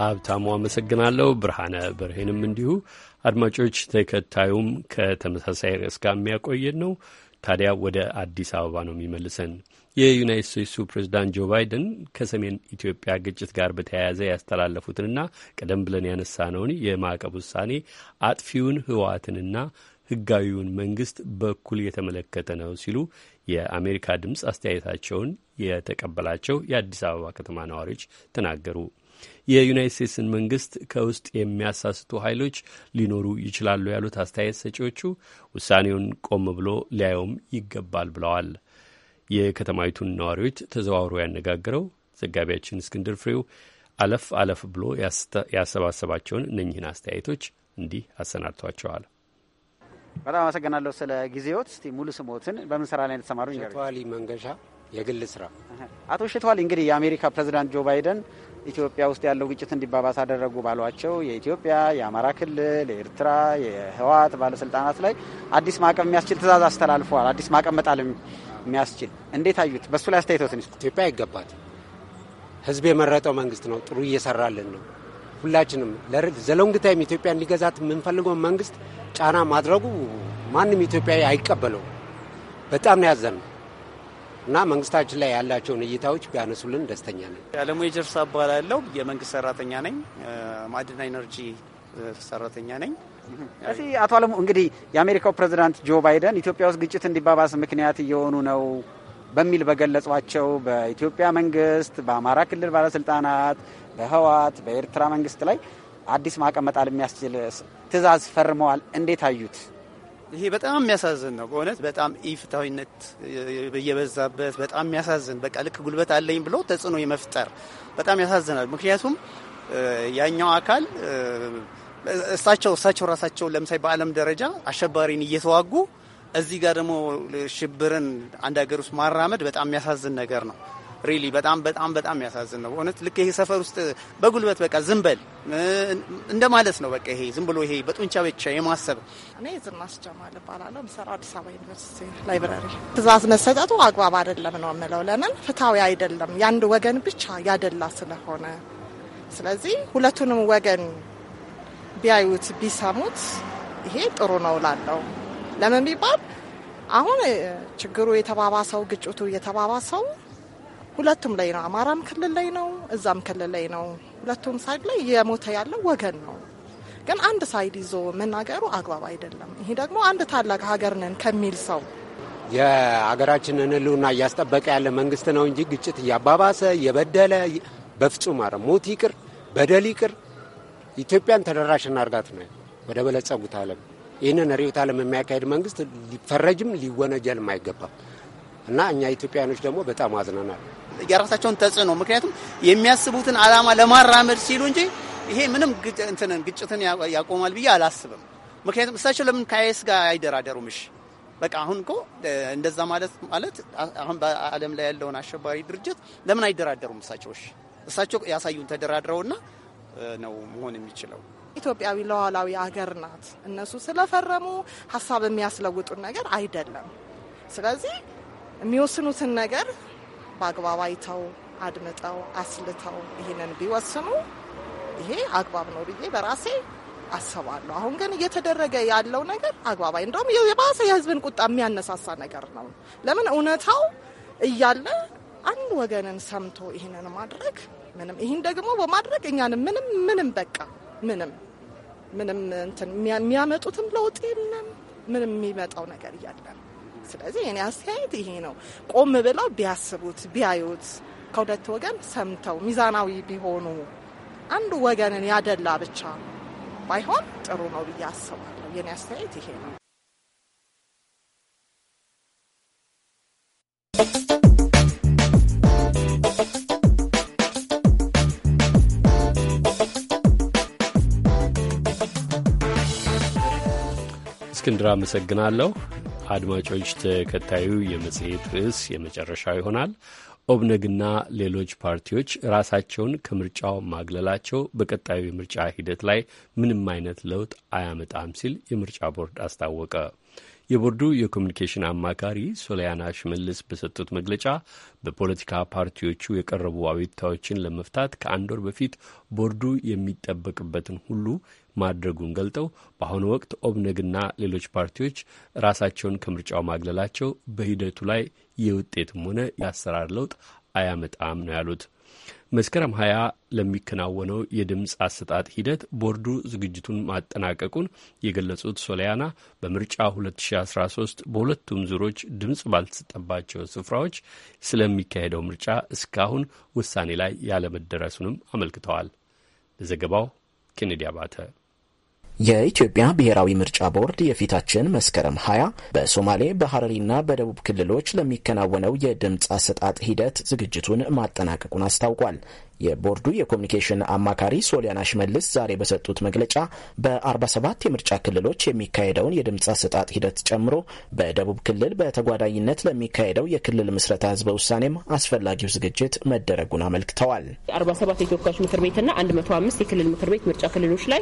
ሀብታሙ አመሰግናለሁ። ብርሃነ በርሄንም እንዲሁ አድማጮች፣ ተከታዩም ከተመሳሳይ ርዕስ ጋር የሚያቆየን ነው። ታዲያ ወደ አዲስ አበባ ነው የሚመልሰን። የዩናይት ስቴትሱ ፕሬዚዳንት ጆ ባይደን ከሰሜን ኢትዮጵያ ግጭት ጋር በተያያዘ ያስተላለፉትንና ቀደም ብለን ያነሳነውን የማዕቀብ ውሳኔ አጥፊውን ህወሓትንና ህጋዊውን መንግስት በኩል የተመለከተ ነው ሲሉ የአሜሪካ ድምፅ አስተያየታቸውን የተቀበላቸው የአዲስ አበባ ከተማ ነዋሪዎች ተናገሩ። የዩናይት ስቴትስን መንግስት ከውስጥ የሚያሳስቱ ኃይሎች ሊኖሩ ይችላሉ ያሉት አስተያየት ሰጪዎቹ ውሳኔውን ቆም ብሎ ሊያየውም ይገባል ብለዋል። የከተማይቱን ነዋሪዎች ተዘዋውሮ ያነጋግረው ዘጋቢያችን እስክንድር ፍሬው አለፍ አለፍ ብሎ ያሰባሰባቸውን እነኝህን አስተያየቶች እንዲህ አሰናድቷቸዋል። በጣም አመሰግናለሁ ስለ ጊዜዎት። እስቲ ሙሉ ስሞትን በምን ስራ ላይ የተሰማሩ? እሸቱ መንገሻ የግል ስራ። አቶ እሸቱ እንግዲህ የአሜሪካ ፕሬዚዳንት ጆ ባይደን ኢትዮጵያ ውስጥ ያለው ግጭት እንዲባባስ አደረጉ ባሏቸው የኢትዮጵያ፣ የአማራ ክልል፣ የኤርትራ፣ የህወሓት ባለስልጣናት ላይ አዲስ ማዕቀብ የሚያስችል ትዕዛዝ አስተላልፈዋል። አዲስ ማዕቀብ መጣል የሚያስችል እንዴት አዩት? በሱ ላይ አስተያየቶትን ይስጡ። ኢትዮጵያ ይገባት። ህዝብ የመረጠው መንግስት ነው። ጥሩ እየሰራልን ነው። ሁላችንም ዘሎንግ ታይም ኢትዮጵያ እንዲገዛት የምንፈልገውን መንግስት ጫና ማድረጉ ማንም ኢትዮጵያዊ አይቀበለው። በጣም ነው ያዘነው። እና መንግስታችን ላይ ያላቸውን እይታዎች ቢያነሱልን ደስተኛ ነን። አለሙ የጀርሳ እባላለሁ። የመንግስት ሰራተኛ ነኝ። ማዕድና ኢነርጂ ሰራተኛ ነኝ። እሺ አቶ አለሙ እንግዲህ የአሜሪካው ፕሬዚዳንት ጆ ባይደን ኢትዮጵያ ውስጥ ግጭት እንዲባባስ ምክንያት እየሆኑ ነው በሚል በገለጿቸው በኢትዮጵያ መንግስት፣ በአማራ ክልል ባለስልጣናት፣ በህወሓት፣ በኤርትራ መንግስት ላይ አዲስ ማዕቀብ መጣል የሚያስችል ትዕዛዝ ፈርመዋል። እንዴት አዩት? ይሄ በጣም የሚያሳዝን ነው በእውነት በጣም ኢፍታዊነት የበዛበት በጣም የሚያሳዝን በቃ ልክ ጉልበት አለኝ ብሎ ተጽዕኖ የመፍጠር በጣም ያሳዝናል። ምክንያቱም ያኛው አካል እሳቸው እሳቸው ራሳቸው ለምሳሌ በዓለም ደረጃ አሸባሪን እየተዋጉ እዚህ ጋር ደግሞ ሽብርን አንድ ሀገር ውስጥ ማራመድ በጣም የሚያሳዝን ነገር ነው። ሪሊ በጣም በጣም በጣም የሚያሳዝን ነው እውነት። ልክ ይሄ ሰፈር ውስጥ በጉልበት በቃ ዝም በል እንደማለት ነው። በቃ ይሄ ዝም ብሎ ይሄ በጡንቻ ብቻ የማሰብ እኔ ዝናሽ ጀማል እባላለሁ። የምሰራው አዲስ አበባ ዩኒቨርሲቲ ላይብራሪ። ትእዛዝ መሰጠቱ አግባብ አይደለም ነው የምለው። ለምን ፍትሐዊ አይደለም፣ የአንድ ወገን ብቻ ያደላ ስለሆነ። ስለዚህ ሁለቱንም ወገን ቢያዩት ቢሰሙት ይሄ ጥሩ ነው ላለው ለምን ቢባል አሁን ችግሩ የተባባሰው ግጭቱ የተባባሰው ሁለቱም ላይ ነው። አማራም ክልል ላይ ነው፣ እዛም ክልል ላይ ነው። ሁለቱም ሳይድ ላይ የሞተ ያለው ወገን ነው። ግን አንድ ሳይድ ይዞ መናገሩ አግባብ አይደለም። ይሄ ደግሞ አንድ ታላቅ ሀገር ነን ከሚል ሰው የሀገራችንን ሕልውና እያስጠበቀ ያለ መንግስት ነው እንጂ ግጭት እያባባሰ የበደለ በፍጹም አረ ሞት ይቅር በደል ይቅር ኢትዮጵያን ተደራሽ እናርጋት ነው ወደ በለጸጉት ዓለም ይህንን ርዕዮተ ዓለም የሚያካሄድ መንግስት ሊፈረጅም ሊወነጀልም አይገባም እና እኛ ኢትዮጵያኖች ደግሞ በጣም አዝነናል። የራሳቸውን ተጽዕኖ ምክንያቱም የሚያስቡትን ዓላማ ለማራመድ ሲሉ እንጂ ይሄ ምንም ግጭትን ያቆማል ብዬ አላስብም። ምክንያቱም እሳቸው ለምን ከአይኤስ ጋር አይደራደሩም? እሺ በቃ አሁን እኮ እንደዛ ማለት ማለት አሁን በዓለም ላይ ያለውን አሸባሪ ድርጅት ለምን አይደራደሩም እሳቸው? እሺ እሳቸው ያሳዩን ተደራድረውና ነው መሆን የሚችለው። ኢትዮጵያዊ ሉዓላዊ አገር ናት። እነሱ ስለፈረሙ ሀሳብ የሚያስለውጡን ነገር አይደለም። ስለዚህ የሚወስኑትን ነገር በአግባብ አይተው አድምጠው አስልተው ይህንን ቢወስኑ ይሄ አግባብ ነው ብዬ በራሴ አስባለሁ። አሁን ግን እየተደረገ ያለው ነገር አግባባይ አይ እንደውም የባሰ የህዝብን ቁጣ የሚያነሳሳ ነገር ነው። ለምን እውነታው እያለ አንድ ወገንን ሰምቶ ይህንን ማድረግ ምንም ይህን ደግሞ በማድረግ እኛንም ምንም ምንም በቃ ምንም ምንም እንትን የሚያመጡትም ለውጥ የለም ምንም የሚመጣው ነገር እያለ ነው ስለዚህ የኔ አስተያየት ይሄ ነው። ቆም ብለው ቢያስቡት፣ ቢያዩት፣ ከሁለት ወገን ሰምተው ሚዛናዊ ቢሆኑ አንዱ ወገንን ያደላ ብቻ ባይሆን ጥሩ ነው ብዬ አስባለሁ። የኔ አስተያየት ይሄ ነው። እስክንድር አመሰግናለሁ። አድማጮች፣ ተከታዩ የመጽሔት ርዕስ የመጨረሻው ይሆናል። ኦብነግና ሌሎች ፓርቲዎች ራሳቸውን ከምርጫው ማግለላቸው በቀጣዩ የምርጫ ሂደት ላይ ምንም አይነት ለውጥ አያመጣም ሲል የምርጫ ቦርድ አስታወቀ። የቦርዱ የኮሚኒኬሽን አማካሪ ሶሊያና ሽመልስ በሰጡት መግለጫ በፖለቲካ ፓርቲዎቹ የቀረቡ አቤቱታዎችን ለመፍታት ከአንድ ወር በፊት ቦርዱ የሚጠበቅበትን ሁሉ ማድረጉን ገልጠው በአሁኑ ወቅት ኦብነግና ሌሎች ፓርቲዎች ራሳቸውን ከምርጫው ማግለላቸው በሂደቱ ላይ የውጤትም ሆነ የአሰራር ለውጥ አያመጣም ነው ያሉት። መስከረም ሀያ ለሚከናወነው የድምፅ አሰጣጥ ሂደት ቦርዱ ዝግጅቱን ማጠናቀቁን የገለጹት ሶሊያና በምርጫ 2013 በሁለቱም ዙሮች ድምፅ ባልተሰጠባቸው ስፍራዎች ስለሚካሄደው ምርጫ እስካሁን ውሳኔ ላይ ያለመደረሱንም አመልክተዋል። ለዘገባው ኬኔዲ አባተ የኢትዮጵያ ብሔራዊ ምርጫ ቦርድ የፊታችን መስከረም 20 በሶማሌ በሐረሪና በደቡብ ክልሎች ለሚከናወነው የድምፅ አሰጣጥ ሂደት ዝግጅቱን ማጠናቀቁን አስታውቋል። የቦርዱ የኮሚኒኬሽን አማካሪ ሶሊያና ሽመልስ ዛሬ በሰጡት መግለጫ በ47 የምርጫ ክልሎች የሚካሄደውን የድምፅ አሰጣጥ ሂደት ጨምሮ በደቡብ ክልል በተጓዳኝነት ለሚካሄደው የክልል ምስረታ ህዝበ ውሳኔም አስፈላጊው ዝግጅት መደረጉን አመልክተዋል። 47 የተወካዮች ምክር ቤትና 105 የክልል ምክር ቤት ምርጫ ክልሎች ላይ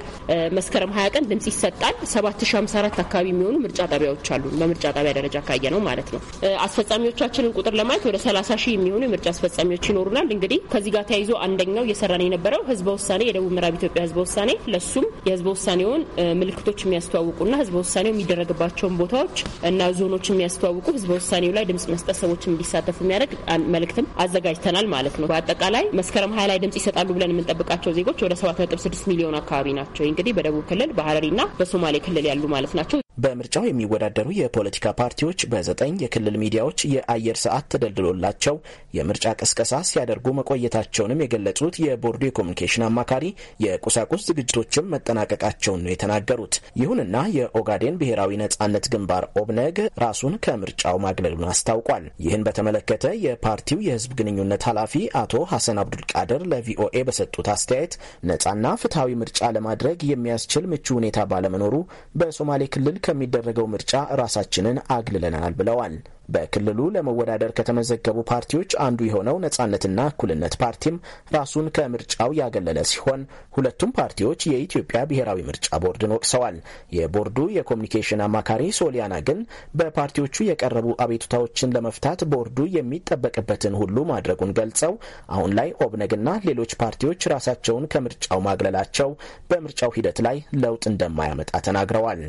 መስከረም 20 ቀን ድምፅ ይሰጣል። 7054 አካባቢ የሚሆኑ ምርጫ ጣቢያዎች አሉ። በምርጫ ጣቢያ ደረጃ ካየ ነው ማለት ነው። አስፈጻሚዎቻችንን ቁጥር ለማየት ወደ 30 ሺህ የሚሆኑ የምርጫ አስፈጻሚዎች ይኖሩናል። እንግዲህ ከዚህ ጋር ተያይዞ አንደኛው እየሰራን የነበረው ህዝበ ውሳኔ የደቡብ ምዕራብ ኢትዮጵያ ህዝበ ውሳኔ ለሱም የህዝበ ውሳኔውን ምልክቶች የሚያስተዋውቁና ህዝበ ውሳኔው የሚደረግባቸውን ቦታዎች እና ዞኖች የሚያስተዋውቁ ህዝበ ውሳኔው ላይ ድምጽ መስጠት ሰዎች እንዲሳተፉ የሚያደርግ መልእክትም አዘጋጅተናል ማለት ነው። በአጠቃላይ መስከረም ሀያ ላይ ድምጽ ይሰጣሉ ብለን የምንጠብቃቸው ዜጎች ወደ ሰባት ነጥብ ስድስት ሚሊዮን አካባቢ ናቸው። እንግዲህ በደቡብ ክልል በሀረሪና በሶማሌ ክልል ያሉ ማለት ናቸው። በምርጫው የሚወዳደሩ የፖለቲካ ፓርቲዎች በዘጠኝ የክልል ሚዲያዎች የአየር ሰዓት ተደልድሎላቸው የምርጫ ቅስቀሳ ሲያደርጉ መቆየታቸውንም የገለጹት የቦርዱ የኮሚኒኬሽን አማካሪ የቁሳቁስ ዝግጅቶችም መጠናቀቃቸውን ነው የተናገሩት። ይሁንና የኦጋዴን ብሔራዊ ነጻነት ግንባር ኦብነግ ራሱን ከምርጫው ማግለሉን አስታውቋል። ይህን በተመለከተ የፓርቲው የህዝብ ግንኙነት ኃላፊ አቶ ሐሰን አብዱልቃድር ለቪኦኤ በሰጡት አስተያየት ነጻና ፍትሐዊ ምርጫ ለማድረግ የሚያስችል ምቹ ሁኔታ ባለመኖሩ በሶማሌ ክልል ከሚደረገው ምርጫ ራሳችንን አግልለናል ብለዋል። በክልሉ ለመወዳደር ከተመዘገቡ ፓርቲዎች አንዱ የሆነው ነጻነትና እኩልነት ፓርቲም ራሱን ከምርጫው ያገለለ ሲሆን ሁለቱም ፓርቲዎች የኢትዮጵያ ብሔራዊ ምርጫ ቦርድን ወቅሰዋል። የቦርዱ የኮሚኒኬሽን አማካሪ ሶሊያና ግን በፓርቲዎቹ የቀረቡ አቤቱታዎችን ለመፍታት ቦርዱ የሚጠበቅበትን ሁሉ ማድረጉን ገልጸው አሁን ላይ ኦብነግና ሌሎች ፓርቲዎች ራሳቸውን ከምርጫው ማግለላቸው በምርጫው ሂደት ላይ ለውጥ እንደማያመጣ ተናግረዋል።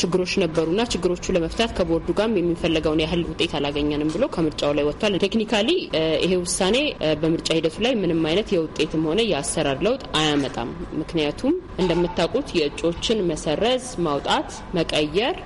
ችግሮች ነበሩና ችግሮቹ ለመፍታት ከቦርዱ ጋርም የሚፈለገውን ያህል አንድ ውጤት አላገኘንም ብሎ ከምርጫው ላይ ወጥቷል። ቴክኒካሊ ይሄ ውሳኔ በምርጫ ሂደቱ ላይ ምንም አይነት የውጤትም ሆነ የአሰራር ለውጥ አያመጣም። ምክንያቱም እንደምታውቁት የእጩዎችን መሰረዝ፣ ማውጣት፣ መቀየር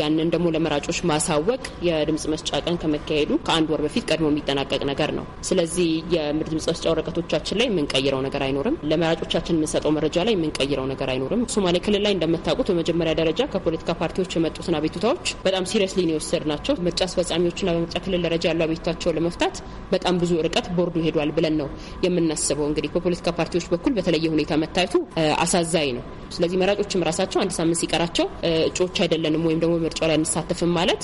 ያንን ደግሞ ለመራጮች ማሳወቅ የድምጽ መስጫ ቀን ከመካሄዱ ከአንድ ወር በፊት ቀድሞ የሚጠናቀቅ ነገር ነው። ስለዚህ የድምጽ መስጫ ወረቀቶቻችን ላይ የምንቀይረው ነገር አይኖርም። ለመራጮቻችን የምንሰጠው መረጃ ላይ የምንቀይረው ነገር አይኖርም። ሶማሌ ክልል ላይ እንደምታውቁት በመጀመሪያ ደረጃ ከፖለቲካ ፓርቲዎች የመጡትን አቤቱታዎች በጣም ሲሪየስሊ ነው የወሰድናቸው። ምርጫ በአስፈጻሚዎችና በምርጫ ክልል ደረጃ ያሉ አቤቱታቸውን ለመፍታት በጣም ብዙ ርቀት ቦርዱ ሄዷል ብለን ነው የምናስበው። እንግዲህ በፖለቲካ ፓርቲዎች በኩል በተለየ ሁኔታ መታየቱ አሳዛኝ ነው። ስለዚህ መራጮችም ራሳቸው አንድ ሳምንት ሲቀራቸው እጩዎች አይደለንም ወይም ደግሞ ምርጫው ላይ አንሳተፍም ማለት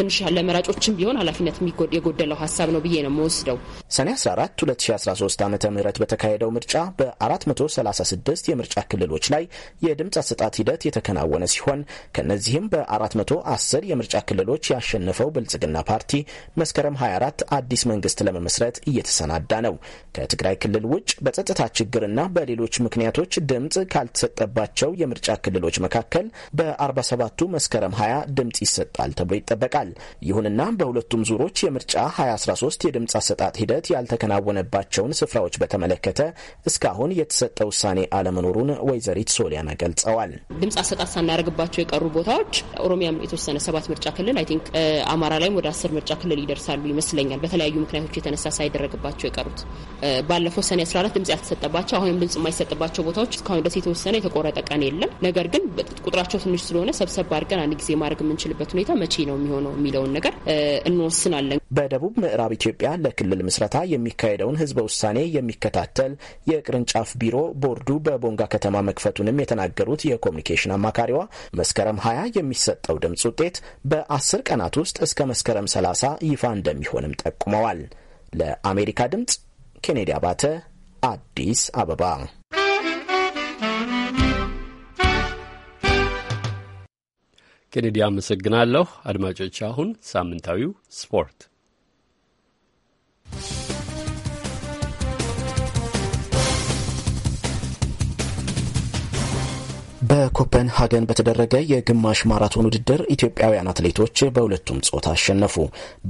ትንሽ ለመራጮችም ቢሆን ኃላፊነት የጎደለው ሀሳብ ነው ብዬ ነው የምወስደው። ሰኔ 14 2013 ዓ ም በተካሄደው ምርጫ በ436 የምርጫ ክልሎች ላይ የድምፅ አሰጣት ሂደት የተከናወነ ሲሆን ከእነዚህም በ410 የምርጫ ክልሎች ያሸነፉ ያሸነፈው ብልጽግና ፓርቲ መስከረም 24 አዲስ መንግስት ለመመስረት እየተሰናዳ ነው። ከትግራይ ክልል ውጭ በጸጥታ ችግርና በሌሎች ምክንያቶች ድምፅ ካልተሰጠባቸው የምርጫ ክልሎች መካከል በ47ቱ መስከረም 20 ድምፅ ይሰጣል ተብሎ ይጠበቃል። ይሁንና በሁለቱም ዙሮች የምርጫ 2013 የድምፅ አሰጣጥ ሂደት ያልተከናወነባቸውን ስፍራዎች በተመለከተ እስካሁን የተሰጠ ውሳኔ አለመኖሩን ወይዘሪት ሶሊያና ገልጸዋል። ድምፅ አሰጣጥ ሳናደርግባቸው የቀሩ ቦታዎች ኦሮሚያም የተወሰነ ሰባት ምርጫ ክልል አይ ቲንክ አማራ ላይም ወደ አስር ምርጫ ክልል ይደርሳሉ ይመስለኛል። በተለያዩ ምክንያቶች የተነሳ ሳይደረግባቸው የቀሩት ባለፈው ሰኔ 14 ድምጽ ያልተሰጠባቸው አሁንም ድምጽ የማይሰጥባቸው ቦታዎች እስካሁን ድረስ የተወሰነ የተቆረጠ ቀን የለም። ነገር ግን ቁጥራቸው ትንሽ ስለሆነ ሰብሰብ አድርገን አንድ ጊዜ ማድረግ የምንችልበት ሁኔታ መቼ ነው የሚሆነው የሚለውን ነገር እንወስናለን። በደቡብ ምዕራብ ኢትዮጵያ ለክልል ምስረታ የሚካሄደውን ህዝበ ውሳኔ የሚከታተል የቅርንጫፍ ቢሮ ቦርዱ በቦንጋ ከተማ መክፈቱንም የተናገሩት የኮሚኒኬሽን አማካሪዋ መስከረም ሀያ የሚሰጠው ድምጽ ውጤት በአስር ቀናት ውስጥ ውስጥ እስከ መስከረም 30 ይፋ እንደሚሆንም ጠቁመዋል። ለአሜሪካ ድምፅ ኬኔዲ አባተ አዲስ አበባ። ኬኔዲ አመሰግናለሁ። አድማጮች፣ አሁን ሳምንታዊው ስፖርት በኮፐንሃገን በተደረገ የግማሽ ማራቶን ውድድር ኢትዮጵያውያን አትሌቶች በሁለቱም ጾታ አሸነፉ።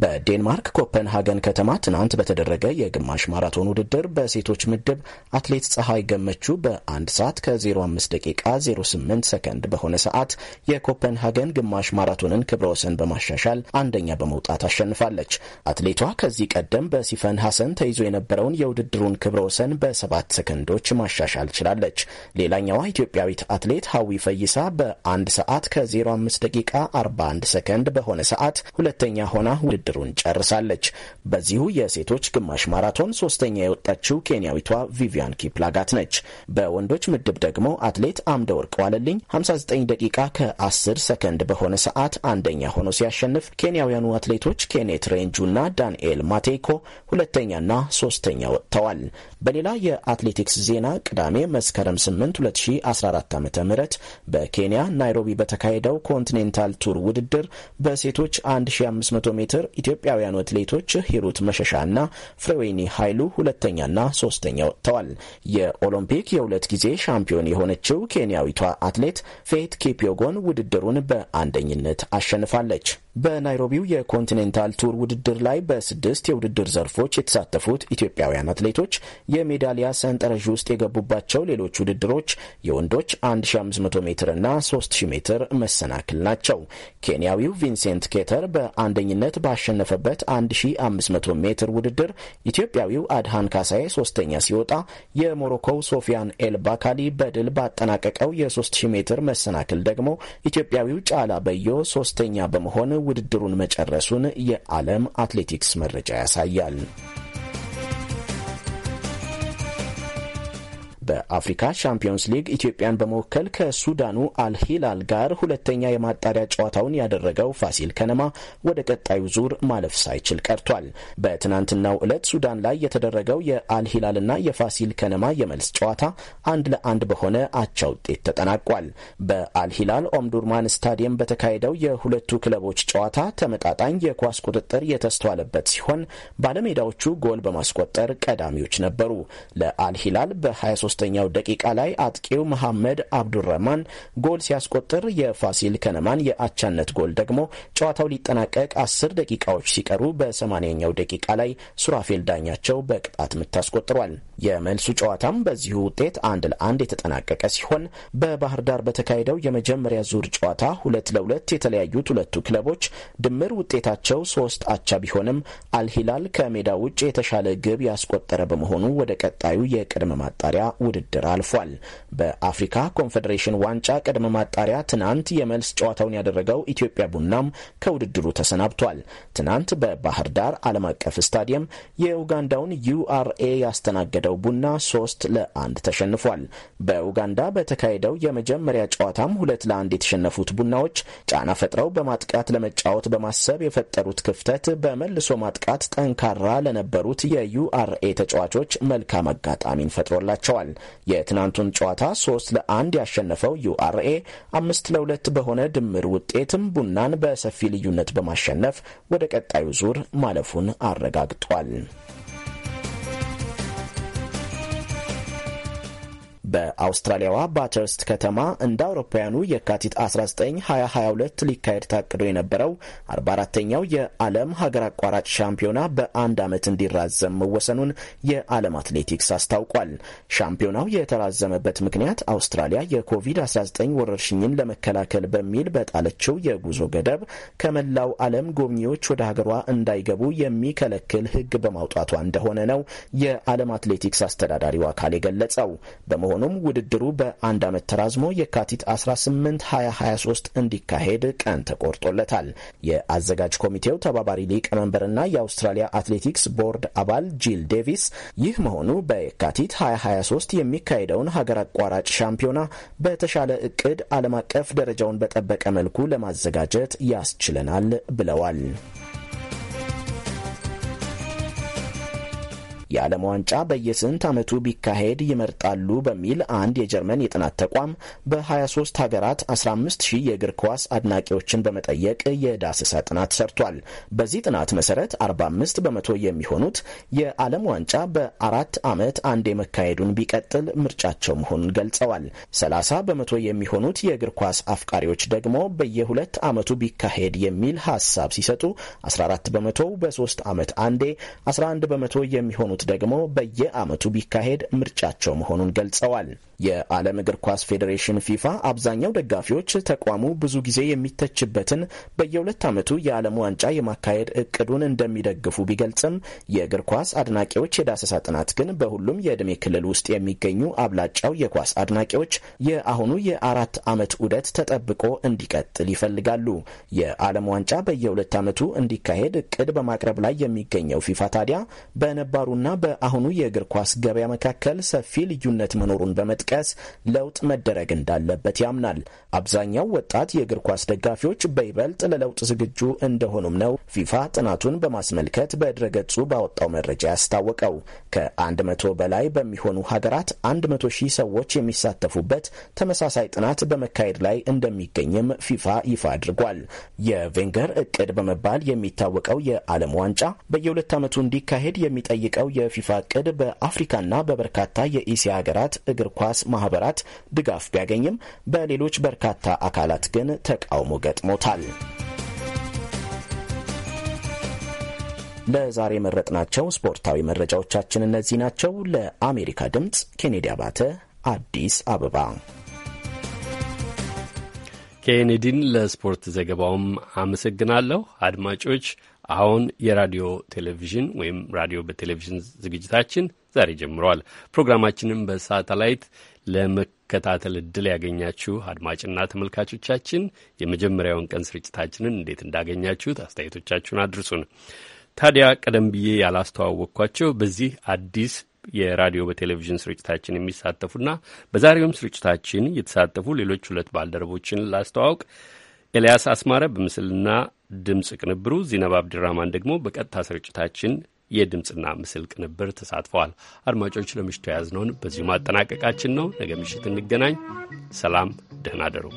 በዴንማርክ ኮፐንሃገን ከተማ ትናንት በተደረገ የግማሽ ማራቶን ውድድር በሴቶች ምድብ አትሌት ፀሐይ ገመቹ በ1 ሰዓት ከ05 ደቂቃ 08 ሰከንድ በሆነ ሰዓት የኮፐንሃገን ግማሽ ማራቶንን ክብረ ወሰን በማሻሻል አንደኛ በመውጣት አሸንፋለች። አትሌቷ ከዚህ ቀደም በሲፈን ሐሰን ተይዞ የነበረውን የውድድሩን ክብረ ወሰን በሰባት ሰከንዶች ማሻሻል ችላለች። ሌላኛዋ ኢትዮጵያዊት አትሌት አትሌት ሀዊ ፈይሳ በአንድ ሰዓት ከ05 ደቂቃ 41 ሰከንድ በሆነ ሰዓት ሁለተኛ ሆና ውድድሩን ጨርሳለች። በዚሁ የሴቶች ግማሽ ማራቶን ሶስተኛ የወጣችው ኬንያዊቷ ቪቪያን ኪፕላጋት ነች። በወንዶች ምድብ ደግሞ አትሌት አምደ ወርቅ ዋለልኝ 59 ደቂቃ ከ10 ሰከንድ በሆነ ሰዓት አንደኛ ሆኖ ሲያሸንፍ ኬንያውያኑ አትሌቶች ኬኔት ሬንጁ እና ዳንኤል ማቴኮ ሁለተኛና ሶስተኛ ወጥተዋል። በሌላ የአትሌቲክስ ዜና ቅዳሜ መስከረም 8 2014 ዓ ም በኬንያ ናይሮቢ በተካሄደው ኮንቲኔንታል ቱር ውድድር በሴቶች 1500 ሜትር ኢትዮጵያውያኑ አትሌቶች ሂሩት መሸሻና ፍሬዌኒ ኃይሉ ሁለተኛና ሶስተኛ ወጥተዋል። የኦሎምፒክ የሁለት ጊዜ ሻምፒዮን የሆነችው ኬንያዊቷ አትሌት ፌት ኬፒዮጎን ውድድሩን በአንደኝነት አሸንፋለች። በናይሮቢው የኮንቲኔንታል ቱር ውድድር ላይ በስድስት የውድድር ዘርፎች የተሳተፉት ኢትዮጵያውያን አትሌቶች የሜዳሊያ ሰንጠረዥ ውስጥ የገቡባቸው ሌሎች ውድድሮች የወንዶች 1500 ሜትር እና 3000 ሜትር መሰናክል ናቸው። ኬንያዊው ቪንሴንት ኬተር በአንደኝነት ባሸነፈበት 1500 ሜትር ውድድር ኢትዮጵያዊው አድሃን ካሳዬ ሶስተኛ ሲወጣ፣ የሞሮኮው ሶፊያን ኤልባካሊ በድል ባጠናቀቀው የ3000 ሜትር መሰናክል ደግሞ ኢትዮጵያዊው ጫላ በዮ ሶስተኛ በመሆን ውድድሩን መጨረሱን የዓለም አትሌቲክስ መረጃ ያሳያል። በአፍሪካ ሻምፒዮንስ ሊግ ኢትዮጵያን በመወከል ከሱዳኑ አልሂላል ጋር ሁለተኛ የማጣሪያ ጨዋታውን ያደረገው ፋሲል ከነማ ወደ ቀጣዩ ዙር ማለፍ ሳይችል ቀርቷል። በትናንትናው ዕለት ሱዳን ላይ የተደረገው የአልሂላልና የፋሲል ከነማ የመልስ ጨዋታ አንድ ለአንድ በሆነ አቻ ውጤት ተጠናቋል። በአልሂላል ኦምዱርማን ስታዲየም በተካሄደው የሁለቱ ክለቦች ጨዋታ ተመጣጣኝ የኳስ ቁጥጥር የተስተዋለበት ሲሆን ባለሜዳዎቹ ጎል በማስቆጠር ቀዳሚዎች ነበሩ። ለአልሂላል በ23 በሶስተኛው ደቂቃ ላይ አጥቂው መሐመድ አብዱረማን ጎል ሲያስቆጥር የፋሲል ከነማን የአቻነት ጎል ደግሞ ጨዋታው ሊጠናቀቅ አስር ደቂቃዎች ሲቀሩ በ80ኛው ደቂቃ ላይ ሱራፌል ዳኛቸው በቅጣት ምት አስቆጥሯል። የመልሱ ጨዋታም በዚሁ ውጤት አንድ ለአንድ የተጠናቀቀ ሲሆን በባህር ዳር በተካሄደው የመጀመሪያ ዙር ጨዋታ ሁለት ለሁለት የተለያዩት ሁለቱ ክለቦች ድምር ውጤታቸው ሶስት አቻ ቢሆንም አልሂላል ከሜዳ ውጭ የተሻለ ግብ ያስቆጠረ በመሆኑ ወደ ቀጣዩ የቅድመ ማጣሪያ ውድድር አልፏል። በአፍሪካ ኮንፌዴሬሽን ዋንጫ ቅድመ ማጣሪያ ትናንት የመልስ ጨዋታውን ያደረገው ኢትዮጵያ ቡናም ከውድድሩ ተሰናብቷል። ትናንት በባህር ዳር ዓለም አቀፍ ስታዲየም የኡጋንዳውን ዩአርኤ ያስተናገደው ቡና ሶስት ለአንድ ተሸንፏል። በኡጋንዳ በተካሄደው የመጀመሪያ ጨዋታም ሁለት ለአንድ የተሸነፉት ቡናዎች ጫና ፈጥረው በማጥቃት ለመጫወት በማሰብ የፈጠሩት ክፍተት በመልሶ ማጥቃት ጠንካራ ለነበሩት የዩአርኤ ተጫዋቾች መልካም አጋጣሚን ፈጥሮላቸዋል። የትናንቱን ጨዋታ ሶስት ለአንድ ያሸነፈው ዩአርኤ አምስት ለሁለት በሆነ ድምር ውጤትም ቡናን በሰፊ ልዩነት በማሸነፍ ወደ ቀጣዩ ዙር ማለፉን አረጋግጧል። በአውስትራሊያዋ ባተርስት ከተማ እንደ አውሮፓውያኑ የካቲት 1922 ሊካሄድ ታቅዶ የነበረው 44ተኛው የዓለም ሀገር አቋራጭ ሻምፒዮና በአንድ ዓመት እንዲራዘም መወሰኑን የዓለም አትሌቲክስ አስታውቋል። ሻምፒዮናው የተራዘመበት ምክንያት አውስትራሊያ የኮቪድ-19 ወረርሽኝን ለመከላከል በሚል በጣለችው የጉዞ ገደብ ከመላው ዓለም ጎብኚዎች ወደ ሀገሯ እንዳይገቡ የሚከለክል ሕግ በማውጣቷ እንደሆነ ነው የዓለም አትሌቲክስ አስተዳዳሪው አካል የገለጸው። ሆኖም ውድድሩ በአንድ ዓመት ተራዝሞ የካቲት 18 2023 እንዲካሄድ ቀን ተቆርጦለታል። የአዘጋጅ ኮሚቴው ተባባሪ ሊቀመንበርና የአውስትራሊያ አትሌቲክስ ቦርድ አባል ጂል ዴቪስ ይህ መሆኑ በየካቲት 2023 የሚካሄደውን ሀገር አቋራጭ ሻምፒዮና በተሻለ እቅድ ዓለም አቀፍ ደረጃውን በጠበቀ መልኩ ለማዘጋጀት ያስችለናል ብለዋል። የዓለም ዋንጫ በየስንት ዓመቱ ቢካሄድ ይመርጣሉ በሚል አንድ የጀርመን የጥናት ተቋም በ23 ሀገራት 15 ሺህ የእግር ኳስ አድናቂዎችን በመጠየቅ የዳሰሳ ጥናት ሰርቷል። በዚህ ጥናት መሰረት 45 በመቶ የሚሆኑት የዓለም ዋንጫ በአራት ዓመት አንዴ መካሄዱን ቢቀጥል ምርጫቸው መሆኑን ገልጸዋል። 30 በመቶ የሚሆኑት የእግር ኳስ አፍቃሪዎች ደግሞ በየሁለት ዓመቱ ቢካሄድ የሚል ሀሳብ ሲሰጡ 14 በመቶው በሶስት ዓመት አንዴ፣ 11 በመቶ የሚሆኑ ደግሞ በየዓመቱ ቢካሄድ ምርጫቸው መሆኑን ገልጸዋል። የዓለም እግር ኳስ ፌዴሬሽን ፊፋ አብዛኛው ደጋፊዎች ተቋሙ ብዙ ጊዜ የሚተችበትን በየሁለት ዓመቱ የዓለም ዋንጫ የማካሄድ እቅዱን እንደሚደግፉ ቢገልጽም የእግር ኳስ አድናቂዎች የዳሰሳ ጥናት ግን በሁሉም የዕድሜ ክልል ውስጥ የሚገኙ አብላጫው የኳስ አድናቂዎች የአሁኑ የአራት ዓመት ዑደት ተጠብቆ እንዲቀጥል ይፈልጋሉ። የዓለም ዋንጫ በየሁለት ዓመቱ እንዲካሄድ እቅድ በማቅረብ ላይ የሚገኘው ፊፋ ታዲያ በነባሩና በአሁኑ የእግር ኳስ ገበያ መካከል ሰፊ ልዩነት መኖሩን በመጥ በመጥቀስ ለውጥ መደረግ እንዳለበት ያምናል። አብዛኛው ወጣት የእግር ኳስ ደጋፊዎች በይበልጥ ለለውጥ ዝግጁ እንደሆኑም ነው ፊፋ ጥናቱን በማስመልከት በድረገጹ ባወጣው መረጃ ያስታወቀው። ከ100 በላይ በሚሆኑ ሀገራት 100 ሺህ ሰዎች የሚሳተፉበት ተመሳሳይ ጥናት በመካሄድ ላይ እንደሚገኝም ፊፋ ይፋ አድርጓል። የቬንገር እቅድ በመባል የሚታወቀው የዓለም ዋንጫ በየሁለት ዓመቱ እንዲካሄድ የሚጠይቀው የፊፋ እቅድ በአፍሪካና በበርካታ የኢሲያ ሀገራት እግር ኳስ ኳስ ማህበራት ድጋፍ ቢያገኝም በሌሎች በርካታ አካላት ግን ተቃውሞ ገጥሞታል። ለዛሬ የመረጥናቸው ስፖርታዊ መረጃዎቻችን እነዚህ ናቸው። ለአሜሪካ ድምፅ ኬኔዲ አባተ፣ አዲስ አበባ። ኬኔዲን ለስፖርት ዘገባውም አመሰግናለሁ። አድማጮች፣ አሁን የራዲዮ ቴሌቪዥን ወይም ራዲዮ በቴሌቪዥን ዝግጅታችን ዛሬ ጀምረዋል። ፕሮግራማችንን በሳተላይት ለመከታተል እድል ያገኛችሁ አድማጭና ተመልካቾቻችን የመጀመሪያውን ቀን ስርጭታችንን እንዴት እንዳገኛችሁት አስተያየቶቻችሁን አድርሱን። ታዲያ ቀደም ብዬ ያላስተዋወቅኳቸው በዚህ አዲስ የራዲዮ በቴሌቪዥን ስርጭታችን የሚሳተፉና በዛሬውም ስርጭታችን የተሳተፉ ሌሎች ሁለት ባልደረቦችን ላስተዋውቅ። ኤልያስ አስማረ በምስልና ድምፅ ቅንብሩ፣ ዚነብ አብድራማን ደግሞ በቀጥታ ስርጭታችን የድምፅና ምስል ቅንብር ተሳትፈዋል። አድማጮች ለምሽቱ የያዝነውን በዚሁ ማጠናቀቃችን ነው። ነገ ምሽት እንገናኝ። ሰላም፣ ደህና አደሩ።